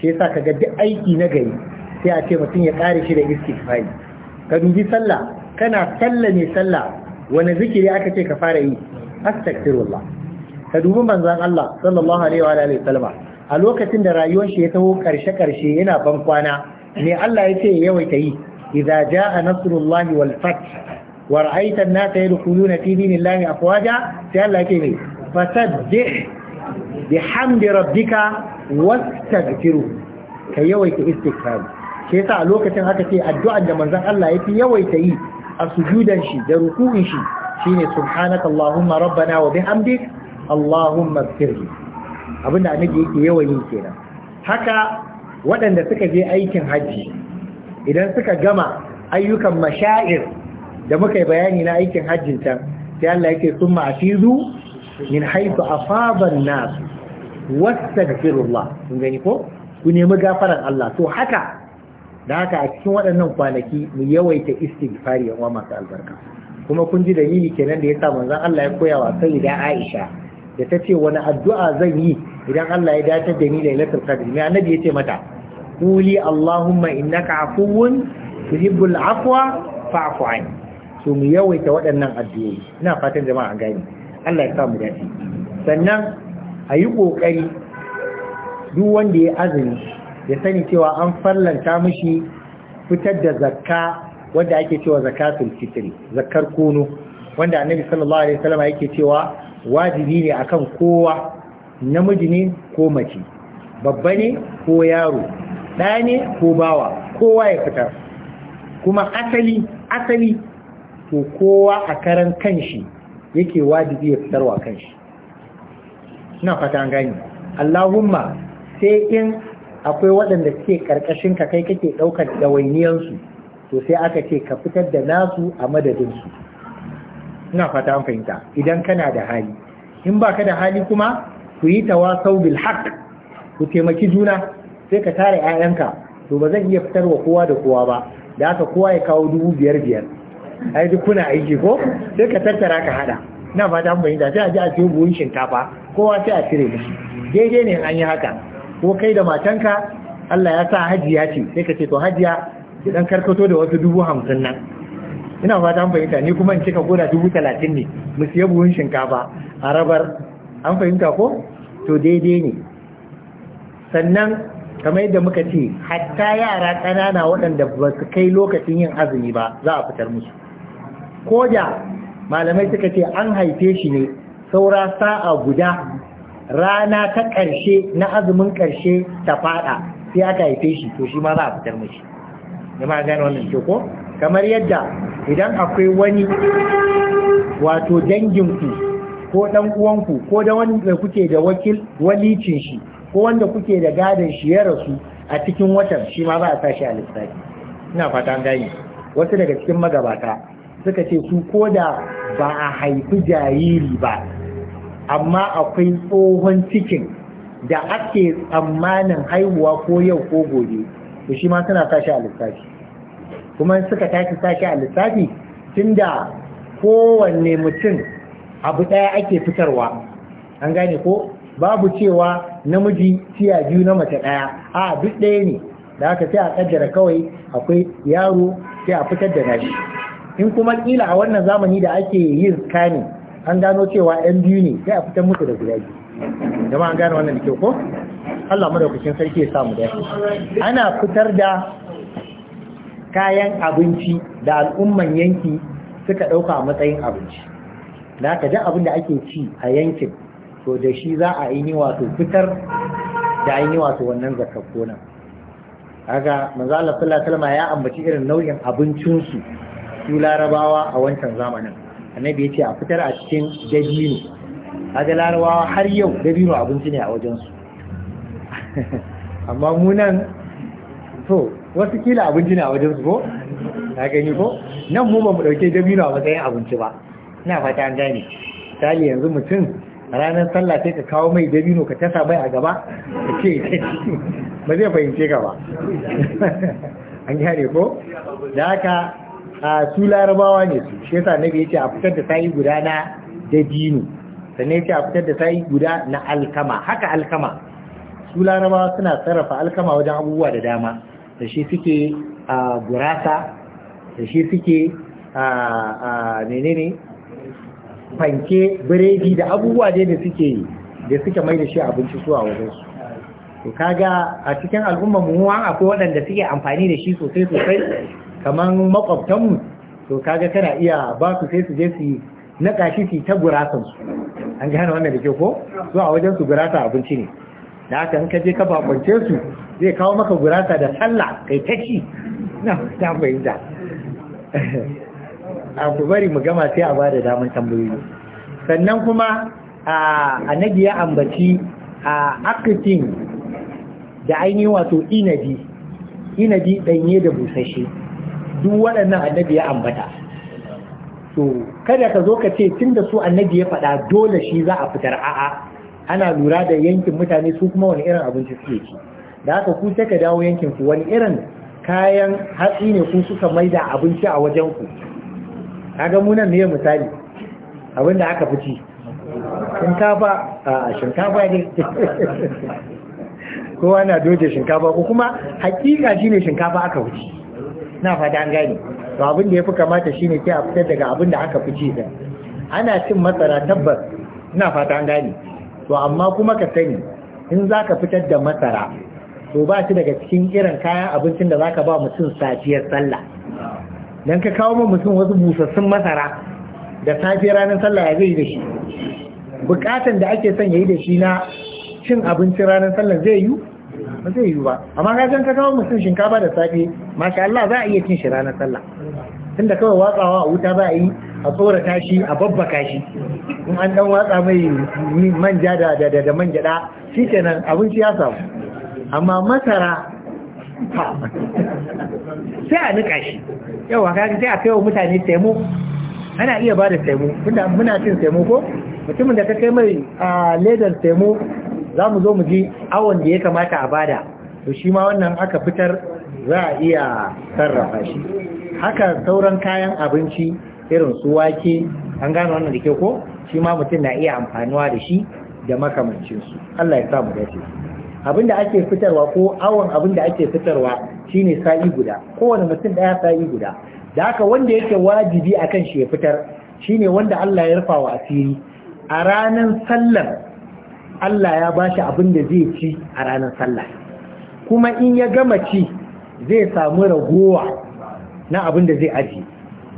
shi yasa ka ga duk aiki na gari sai a ce mutum ya ƙare shi da istighfari ka dubi sallah kana sallah ne sallah wani zikiri aka ce ka fara yi astaghfirullah ka dubi manzan Allah sallallahu alaihi wa alihi a lokacin da rayuwar shi ya taho karshe karshe yana ban kwana ne Allah ya ce ya yi idza jaa nasrullahi wal fath wa ra'aita an-nasa yadkhuluna fi dinillahi afwaja sai Allah yake ne fasabbih bihamdi rabbika wastaghfiru ka yawaita istighfar sai sa a lokacin aka ce addu'an da manzan Allah yafi yawaita yi a sujudan shi da ruku'in shi shine subhanakallahumma rabbana wa bihamdik Allahumma firli abinda annabi yake yawan yin kenan haka waɗanda suka je aikin hajji idan suka gama ayyukan mashair da muka yi bayani na aikin hajjin can sai Allah yake sun ma'afizu min nasu, afaban nas wastaghfirullah kun gani ko ku nemi gafaran Allah to haka da haka a cikin waɗannan kwanaki mu yawaita istighfari yan uwa masu albarka kuma kun ji dalili kenan da yasa manzon Allah ya koya wa sayyida Aisha da ta ce wani addu'a zan yi idan Allah ya dace da ni lailatul qadr me annabi ce mata quli allahumma innaka afuwun tuhibbul afwa fa'fu anni so mu yawaita waɗannan addu'o'i ina fatan jama'a gani Allah ya sa mu dace sannan a yi ƙoƙari duk wanda ya azumi ya sani cewa an fallanta mishi fitar da zakka wanda ake cewa zakatul fitri zakkar kono wanda annabi sallallahu alaihi wasallam yake cewa wajibi ne akan kowa namiji ne ko mace babba ne ko yaro ɗa ne ko bawa kowa ya fitar kuma asali asali to kowa a karan kanshi yake wajibi ya fitarwa kanshi na fata gani Allahumma sai in akwai waɗanda suke ƙarƙashin ka kai kake ɗaukar ɗawainiyarsu to sai aka ce ka fitar da nasu a madadinsu ina fata an fahimta idan kana da hali in ba ka da hali kuma ku yi tawasau bil haqq ku taimaki juna sai ka tare 'ya'yanka to ba zan iya fitarwa kowa da kowa ba da haka kowa ya kawo dubu biyar biyar ai duk kuna aiki ko sai ka tattara ka hada Ina fata an fahimta sai a ji a ciwo buhun shinkafa kowa sai a cire mishi daidai ne an yi haka ko kai da matanka Allah ya sa hajiya ce sai ka ce to hajiya ki karkato da wasu dubu hamsin nan ina fata an fahimta ni kuma in cika goda dubu talatin ne mu siya buhun shinkafa a rabar an fahimta ko to daidai ne sannan kamar yadda muka ce hatta yara ƙanana waɗanda ba su kai lokacin yin azumi ba za a fitar musu ko da malamai suka ce an haife shi ne saura sa'a guda rana ta ƙarshe na azumin ƙarshe ta faɗa sai aka haife shi to shi ma za a fitar ne ma gane wannan ko? Kamar yadda idan akwai wani wato danginku ko dan uwanku ko da wanda kuke da wakil walicin shi ko wanda kuke da gadon shi ya rasu a cikin watan shi ma ba a sa a lissafi ina fata an gani wasu daga cikin magabata suka ce su ko da ba a haifi jariri ba amma akwai tsohon cikin da ake tsammanin haihuwa ko yau ko gobe to shi ma suna sa a lissafi kuma suka tashi sashi a lissafi tunda kowanne mutum abu ɗaya ake fitarwa an gane ko babu cewa namiji siya biyu na mace ɗaya a duk ɗaya ne da haka sai a kaddara kawai akwai yaro sai a fitar da nashi in kuma kila a wannan zamani da ake yin kani an gano cewa yan biyu ne sai a fitar musu da guda biyu jama'a an gano wannan da kyau ko Allah madaukakin sarki ya samu dace ana fitar da kayan abinci da al'umman yanki suka ɗauka a matsayin abinci da ka ji abin da ake ci a yankin to da shi za a yi wato fitar da yi ni wato wannan zakar aga kaga manzo ya ambaci irin nau'in abincinsu su larabawa a wancan zamanin annabi ya ce a fitar a cikin dabino aga larabawa har yau dabino abinci ne a wajensu, [laughs] amma mu nan to wasu kila abinci na wajen su ko na gani ko nan mu ba mu dauke dabino a matsayin abinci ba ina fata an gane misali yanzu mutum ranar sallah sai ka kawo mai dabino ka tasa mai a gaba ka ce ba zai fahimce ka ba [laughs] an gane ko da haka a su larabawa ne su shi yasa nabi yace a fitar da sayi guda na dabino sannan yace a fitar da sayi guda na alkama haka alkama su larabawa suna sarrafa alkama wajen abubuwa da dama da shi suke a gurasa da shi suke a menene fanke biredi da abubuwa dai da suke da suke mai da shi abinci su a wajensu to kaga a cikin al'ummar mu akwai waɗanda suke amfani da shi sosai sosai kamar makwabtanmu to kaga kana iya ba su sai su je su na kashi su ta gurasansu. an gane wannan da ke ko zuwa wajen su gurasa abinci ne da haka in ka je ka bakwance su zai kawo maka gurasa da sallah kai ta ci na ta fahimta [laughs] a ku bari mu gama sai a ba da damar tambayoyi sannan kuma a nagi ya ambaci a akitin da ainihin wato inabi inabi ɗanye da busashe duk waɗannan annabi ya ambata to kada ka zo ka ce tun da su annabi ya faɗa dole shi za a fitar a'a ana lura da yankin mutane su kuma wani irin abinci suke ci da haka ku sai ka dawo yankin ku wani irin kayan hatsi ne ku suka maida abinci a wajen ku kaga mu nan ne misali abin da aka fi shinkafa a shinkafa ne [laughs] kowa na doje shinkafa ko kuma hakika shine shinkafa aka fi na fata an gane to abin da ya fi kamata shine ke a fitar daga abin da aka fi da ana cin masara tabbas ina fata an gane to amma kuma ka sani in za ka fitar da masara to ba shi daga cikin irin kayan abincin da za ka ba mutum safiyar sallah don ka kawo mutum wasu busassun masara da safiyar ranar sallah ya zai da shi bukatan da ake son ya yi da shi na cin abincin ranar sallah zai yi ba zai yi ba amma kajan ka kawo mutum shinkafa da safe masha Allah za a iya cin shi ranar sallah da kawai watsawa a wuta ba a yi a tsora shi a babba kashi in an dan watsa mai manja da da da man gyada shikenan abinci ya samu amma masara sai a nika shi yawa kaga sai a kai wa mutane taimu ana iya ba da taimu tunda muna cin taimu ko mutumin da ka kai mai a ledar taimu za mu zo mu ji awon da ya kamata a bada to shi ma wannan aka fitar za a iya sarrafa shi haka sauran kayan abinci irin su wake an gane wannan da ke ko shi ma mutum na iya amfanuwa da shi da makamancinsu Allah ya sa mu dace abin da ake fitarwa ko awon abin da ake fitarwa shine sa'i guda kowane mutum daya sa'i guda da haka wanda yake wajibi akan shi ya fitar shine wanda Allah ya rufa wa asiri a ranar sallar Allah ya bashi abin da zai ci a ranar sallah kuma in ya gama ci zai samu ragowa na abin da zai ajiye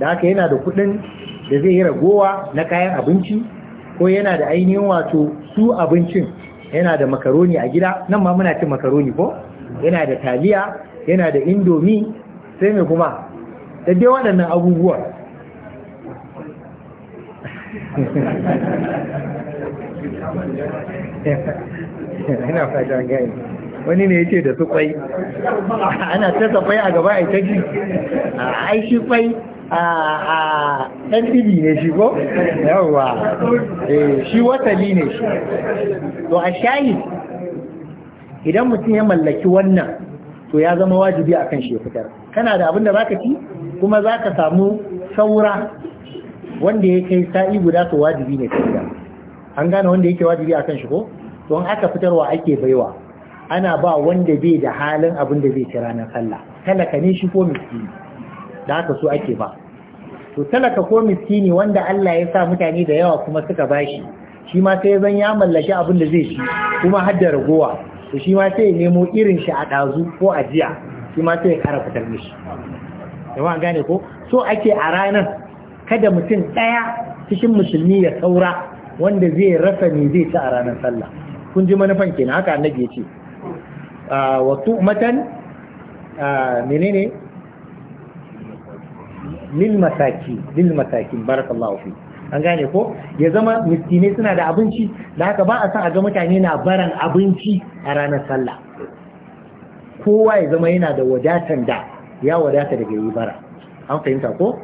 da haka yana da kuɗin da zai yi ragowa na kayan abinci ko yana da ainihin wato su abincin yana da makaroni a gida nan ma muna cin makaroni ko yana da taliya yana da indomi sai mai kuma da dai waɗannan abubuwa ina fata gani wani ne ya ce da su kwai ana ta kwai a gaba a ita ji a aishi kwai a ah, ah. NTV ɗibi ne shi ko? yawwa eh, shi watali ne shi to a shayi idan mutum ya mallaki wannan to ya zama wajibi a kan fitar kana da abin da za ka ci kuma za ka samu saura wanda ya kai sa'i guda to wajibi ne gida. an gane wanda yake wajibi a kan shi ko? to in aka fitarwa ake baiwa ana ba wanda bai da halin abin da zai ci ranar sallah talaka ne shi ko miskini da haka su ake ba to talaka ko miskini wanda Allah ya sa mutane da yawa kuma suka bashi shi ma sai zan ya mallaki abin da zai shi, kuma har da ragowa to shi ma sai nemo irin shi a ɗazu ko a jiya shi ma sai kara fitar mishi yawan gane ko so ake a ranar kada mutum ɗaya cikin musulmi ya saura wanda zai rasa ne zai ci a ranar sallah kun ji manufan kenan haka annabi ya ce ah, wasu matan ah, menene lil masaki lil masaki barakallahu fi an gane ko ya zama miskine suna da abinci da haka ba a san a ga mutane na baran abinci a ranar sallah kowa ya zama yana da wadatan da ya wadata daga yi bara an fahimta ko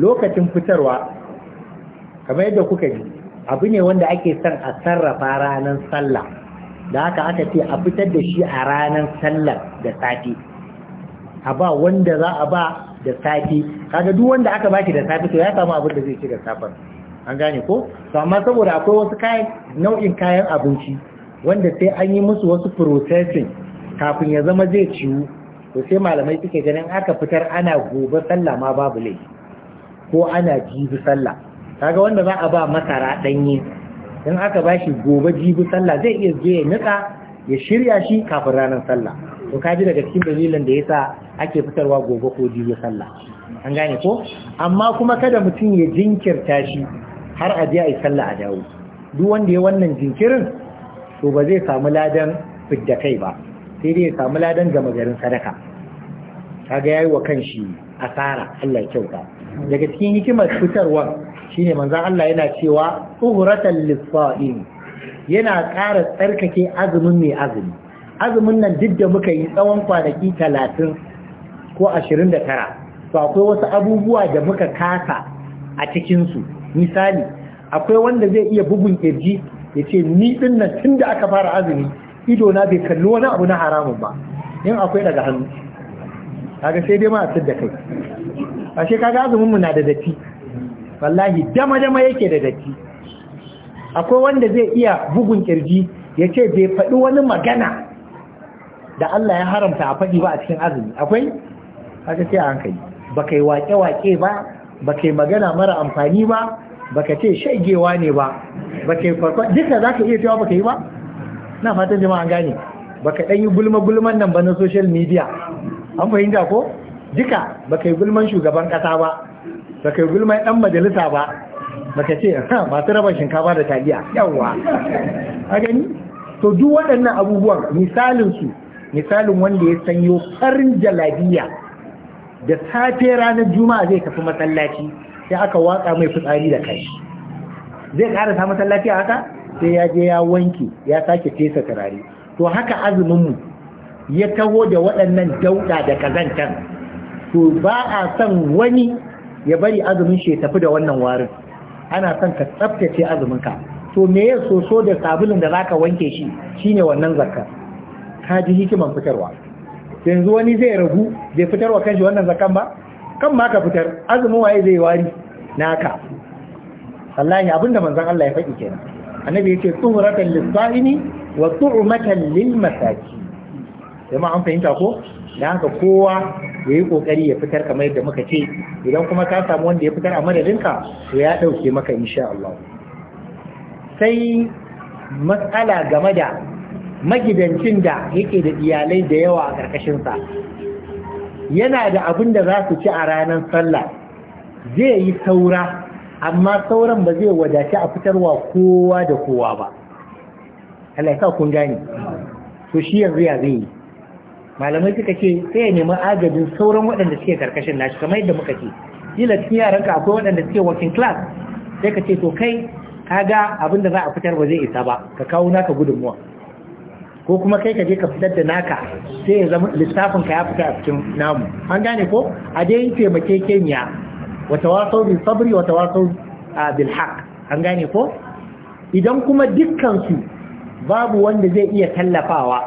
lokacin fitarwa kamar yadda kuka ji abu ne wanda ake san a sarrafa ranar sallah da haka aka ce a fitar da shi a ranar sallah da safe a ba wanda za a ba da safi kaga duk wanda aka baki da safi to ya samu abin da zai ci da safar. an gane ko to amma saboda akwai wasu kayan nau'in kayan abinci wanda sai an yi musu wasu processing kafin ya zama zai ciwu to sai malamai suke ganin aka fitar ana gobe sallah ma babu laifi ko ana jibi sallah kaga wanda za a ba masara danye in aka bashi gobe jibi sallah zai iya je ya nika ya shirya shi kafin ranar sallah to ji daga cikin dalilin da yasa ake fitarwa gobe ko jiya sallah an gane ko amma kuma kada mutum ya jinkirta shi har a je a sallah a dawo duk wanda ya wannan jinkirin to ba zai samu ladan fidda kai ba sai dai ya samu ladan gama garin sadaka kaga yayi wa kanshi asara Allah ya kyauta daga cikin hikimar fitarwa shine manzon Allah yana cewa tuhuratan lis yana ƙara tsarkake azumin mai azumi azumin nan duk da muka yi tsawon kwanaki talatin ko ashirin da tara to akwai wasu abubuwa da muka kasa a cikinsu misali akwai wanda zai iya bugun kirji ya ce ni din nan tun da aka fara azumi ido na bai kalli wani abu na haramun ba in akwai daga hannu kaga sai dai ma a da kai ashe kaga azumin mu na da datti wallahi dama dama yake da datti akwai wanda zai iya bugun kirji ya ce bai faɗi wani magana da Allah ya haramta a faɗi ba a cikin azumi akwai haka sai a hankali ba kai wake-wake ba ba kai magana mara amfani ba ba ka ce shagewa ne ba ba kai farko duka za ka iya cewa ba ka yi ba na fatan jama'a gane ba ka ɗanyi gulma-gulman nan ba na social media an fahimta ko duka ba kai gulman shugaban ƙasa ba ba kai gulman ɗan majalisa ba ba ka ce masu raba shinkafa da taliya yawwa a gani to duk waɗannan abubuwan misalinsu misalin wanda ya sanyo farin jalabiya da safe ranar juma'a zai tafi masallaci sai aka waka mai fitsari da kai zai karasa masallaci a haka sai ya je ya wanke ya sake fesa turare to haka azumin mu ya taho da waɗannan dauɗa da kazantan to ba a son wani ya bari azumin shi ya tafi da wannan warin ana son ka tsaftace azuminka to me ya soso da sabulun da zaka wanke shi shine wannan zakka ka ji hikiman fitarwa yanzu wani zai ragu zai fitarwa kanshi wannan zakan ba kan ma ka fitar azumin waye zai wari naka ya abinda manzon Allah ya faɗi kenan annabi yace tuhuratan lis-sa'imi wa tu'matan lil-masaki an fahimta ko dan haka kowa ya yi kokari ya fitar kamar yadda muka ce idan kuma ka samu wanda ya fitar a ka to ya ɗauke maka insha Allah sai matsala game da magidancin da yake da iyalai da yawa a ƙarƙashinsa yana da abin da za su ci a ranar sallah zai yi saura amma sauran ba zai wadace a fitarwa kowa da kowa ba Allah ya kun gani to shi yanzu ya zai yi malamai suka ce sai ya nemi agajin sauran waɗanda suke karkashin nashi kamar yadda muka ce kila cikin yaranka akwai waɗanda suke working class sai ka ce to kai kaga abin da za a fitar ba zai isa ba ka kawo naka gudunmuwa ko kuma kai ka je ka fitar da naka sai ya zama lissafin ka ya fita a cikin namu an gane ko a dai taimake kenya wata wasau bil sabri wata wasau bil haq an gane ko idan kuma dukkan su babu wanda zai iya tallafawa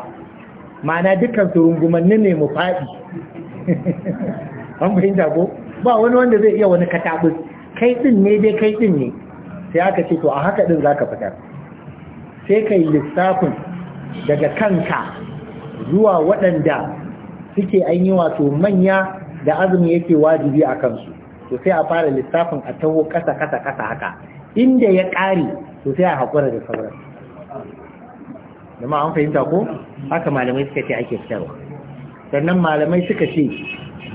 ma'ana dukkan su rungumanni ne mu faɗi [laughs] an fahimta ko ba wani wanda zai iya wani katabus kai din ne dai kai din ne sai aka ce to a haka din zaka fitar sai kai lissafin daga kanka zuwa waɗanda suke an wato manya da azumi yake wajibi a kansu to sai a fara lissafin a taho kasa-kasa-kasa haka inda ya ƙare to sai a haƙura da sauran amma an fahimta ko haka malamai suka ce ake fitarwa sannan malamai suka ce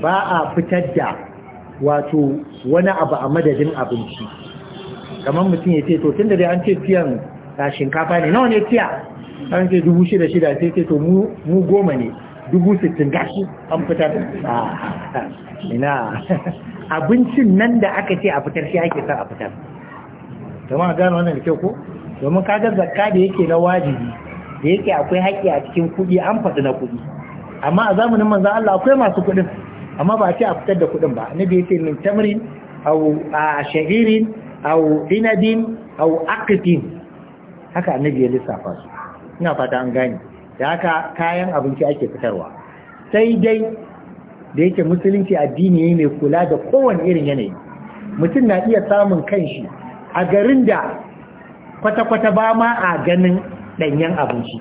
ba a fitar da wato wani abu a madadin abinci kamar mutum ya ce to tun da dai an ce tiyan ah, shinkafa ne nawa ne tiya an ce dubu shida shida sai ce to mu goma ne dubu sittin gashi an fitar ah, ina [laughs] abincin nan da aka ce a fitar shi ake sa a fitar kuma gano wannan da ke ko domin kaga zakka da yake na wajibi da yake akwai haƙƙi a cikin kuɗi an faɗi na kuɗi amma a zamanin manzan Allah akwai masu kuɗin amma ba a ce a fitar da kuɗin ba annabi ce min tamrin a sha'irin au inadin au aqtin haka annabi ya lissafa su ina fata an gane da haka kayan abinci ake fitarwa sai dai da yake musulunci addini ne mai kula da kowane irin yanayi mutum na iya samun kanshi a garin da kwata-kwata ba ma a ganin ɗanyen abinci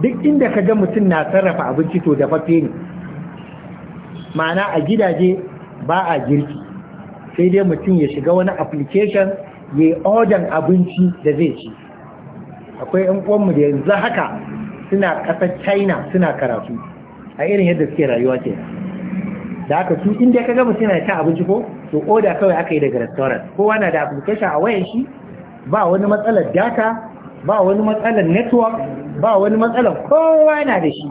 duk inda ka ga mutum na sarrafa abinci to dafaffe ne ma'ana a gidaje ba a girki sai dai mutum ya shiga wani application ya yi abinci da zai ci akwai yan uwanmu da yanzu haka suna ƙasar china suna karatu a irin yadda suke rayuwa ke da haka su inda ka gama suna ta abinci ko to oda kawai aka yi daga restaurant kowa na da application a wayan shi ba wani matsalar data ba wani matsalar network ba wani matsalar kowa na da shi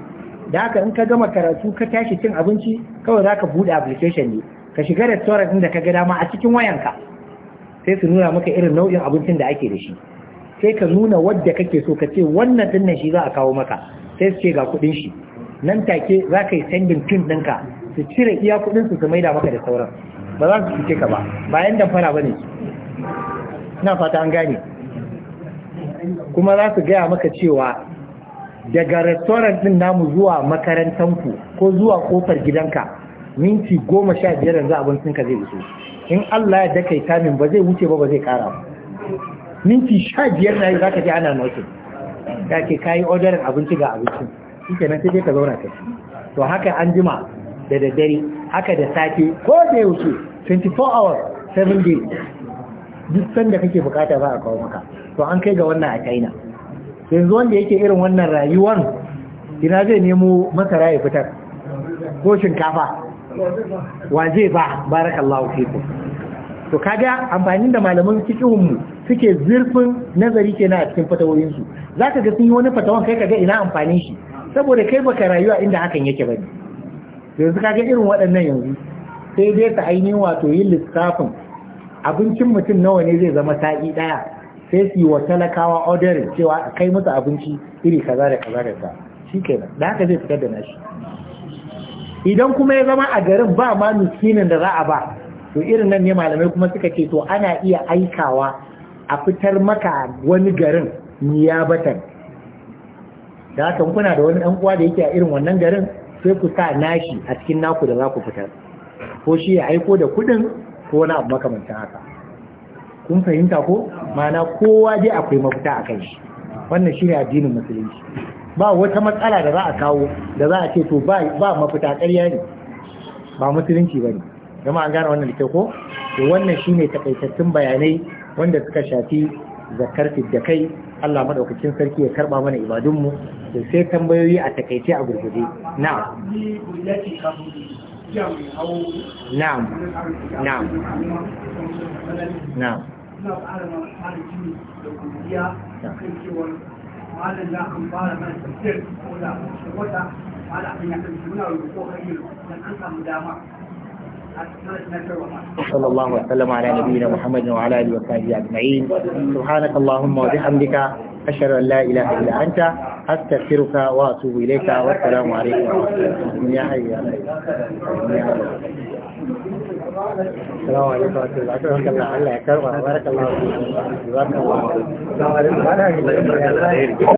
da haka in ka gama karatu ka tashi cin abinci kawai za ka buɗe application ne ka shiga restaurant inda ka ga dama a cikin wayanka sai su nuna maka irin nau'in abincin da ake da shi sai ka nuna wadda kake so ka ce wannan dinnan shi za a kawo maka sai su ce ga kuɗin shi nan take za ka yi sendin tun ɗinka su cire iya kuɗin su su maida maka da sauran ba za su cike ka ba bayan damfara ba ne na fata an gane kuma za su gaya maka cewa daga restaurant din namu zuwa makarantanku ko zuwa kofar gidanka minti goma sha biyar yanzu abincin ka zai iso in Allah ya daka tamin ba zai wuce ba ba zai kara minti sha biyar na yi za ka ana nokin ya ke kayi odarin abinci ga abincin shi ke nan sai dai ka zauna ka ci to haka an jima da daddare haka da safe ko da yaushe 24 hours 7 days duk sanda kake bukata za a kawo maka to an kai ga wannan a china yanzu wanda yake irin wannan rayuwar ina zai nemo masara ya fitar ko shinkafa wa zai ba barakallahu fikum to kaga amfanin da malaman fikihun mu suke zurfin nazari kenan a cikin fatawoyin su zaka ga sun yi wani fatawan kai ka ga ina amfanin shi saboda kai baka rayuwa inda hakan yake bane yanzu kaga irin waɗannan yanzu sai dai ta ainihin wato yin lissafin abincin mutum nawa ne zai zama sa'i daya sai su yi wa talakawa order cewa a kai musu abinci iri kaza da kaza da kaza shikenan da haka zai fitar da nashi idan kuma ya zama a garin ba ma nuskinin da za a ba to irin nan ne malamai kuma suka ce to ana iya aikawa a fitar maka wani garin niyabatan da haka kuna da wani ɗan uwa da yake a irin wannan garin sai ku sa nashi a cikin naku da za ku fitar ko shi ya aiko da kudin ko wani abu makamancin haka kun fahimta ko mana kowa dai akwai mafita a kai shi wannan shi ne addinin musulunci ba wata matsala da za a kawo da za a ce to ba mafita ƙarya ne ba musulunci ba ne zama an gane wannan da ko to wannan shine takaitattun bayanai wanda suka shafi zakar da kai Allah madaukakin sarki ya karba mana ibadunmu da sai tambayoyi a takaice a gurgurde na'am na'am na'am na'am malam za an fara mana tafsir ko da wata malam ya kan nuna ko hanyar dan an samu dama صلى الله وسلم على نبينا محمد وعلى اله وصحبه اجمعين سبحانك اللهم وبحمدك اشهد ان لا اله الا انت استغفرك واتوب اليك والسلام عليكم ورحمه الله يا حي يا السلام عليكم ورحمه الله وبركاته بارك الله فيك بارك الله فيك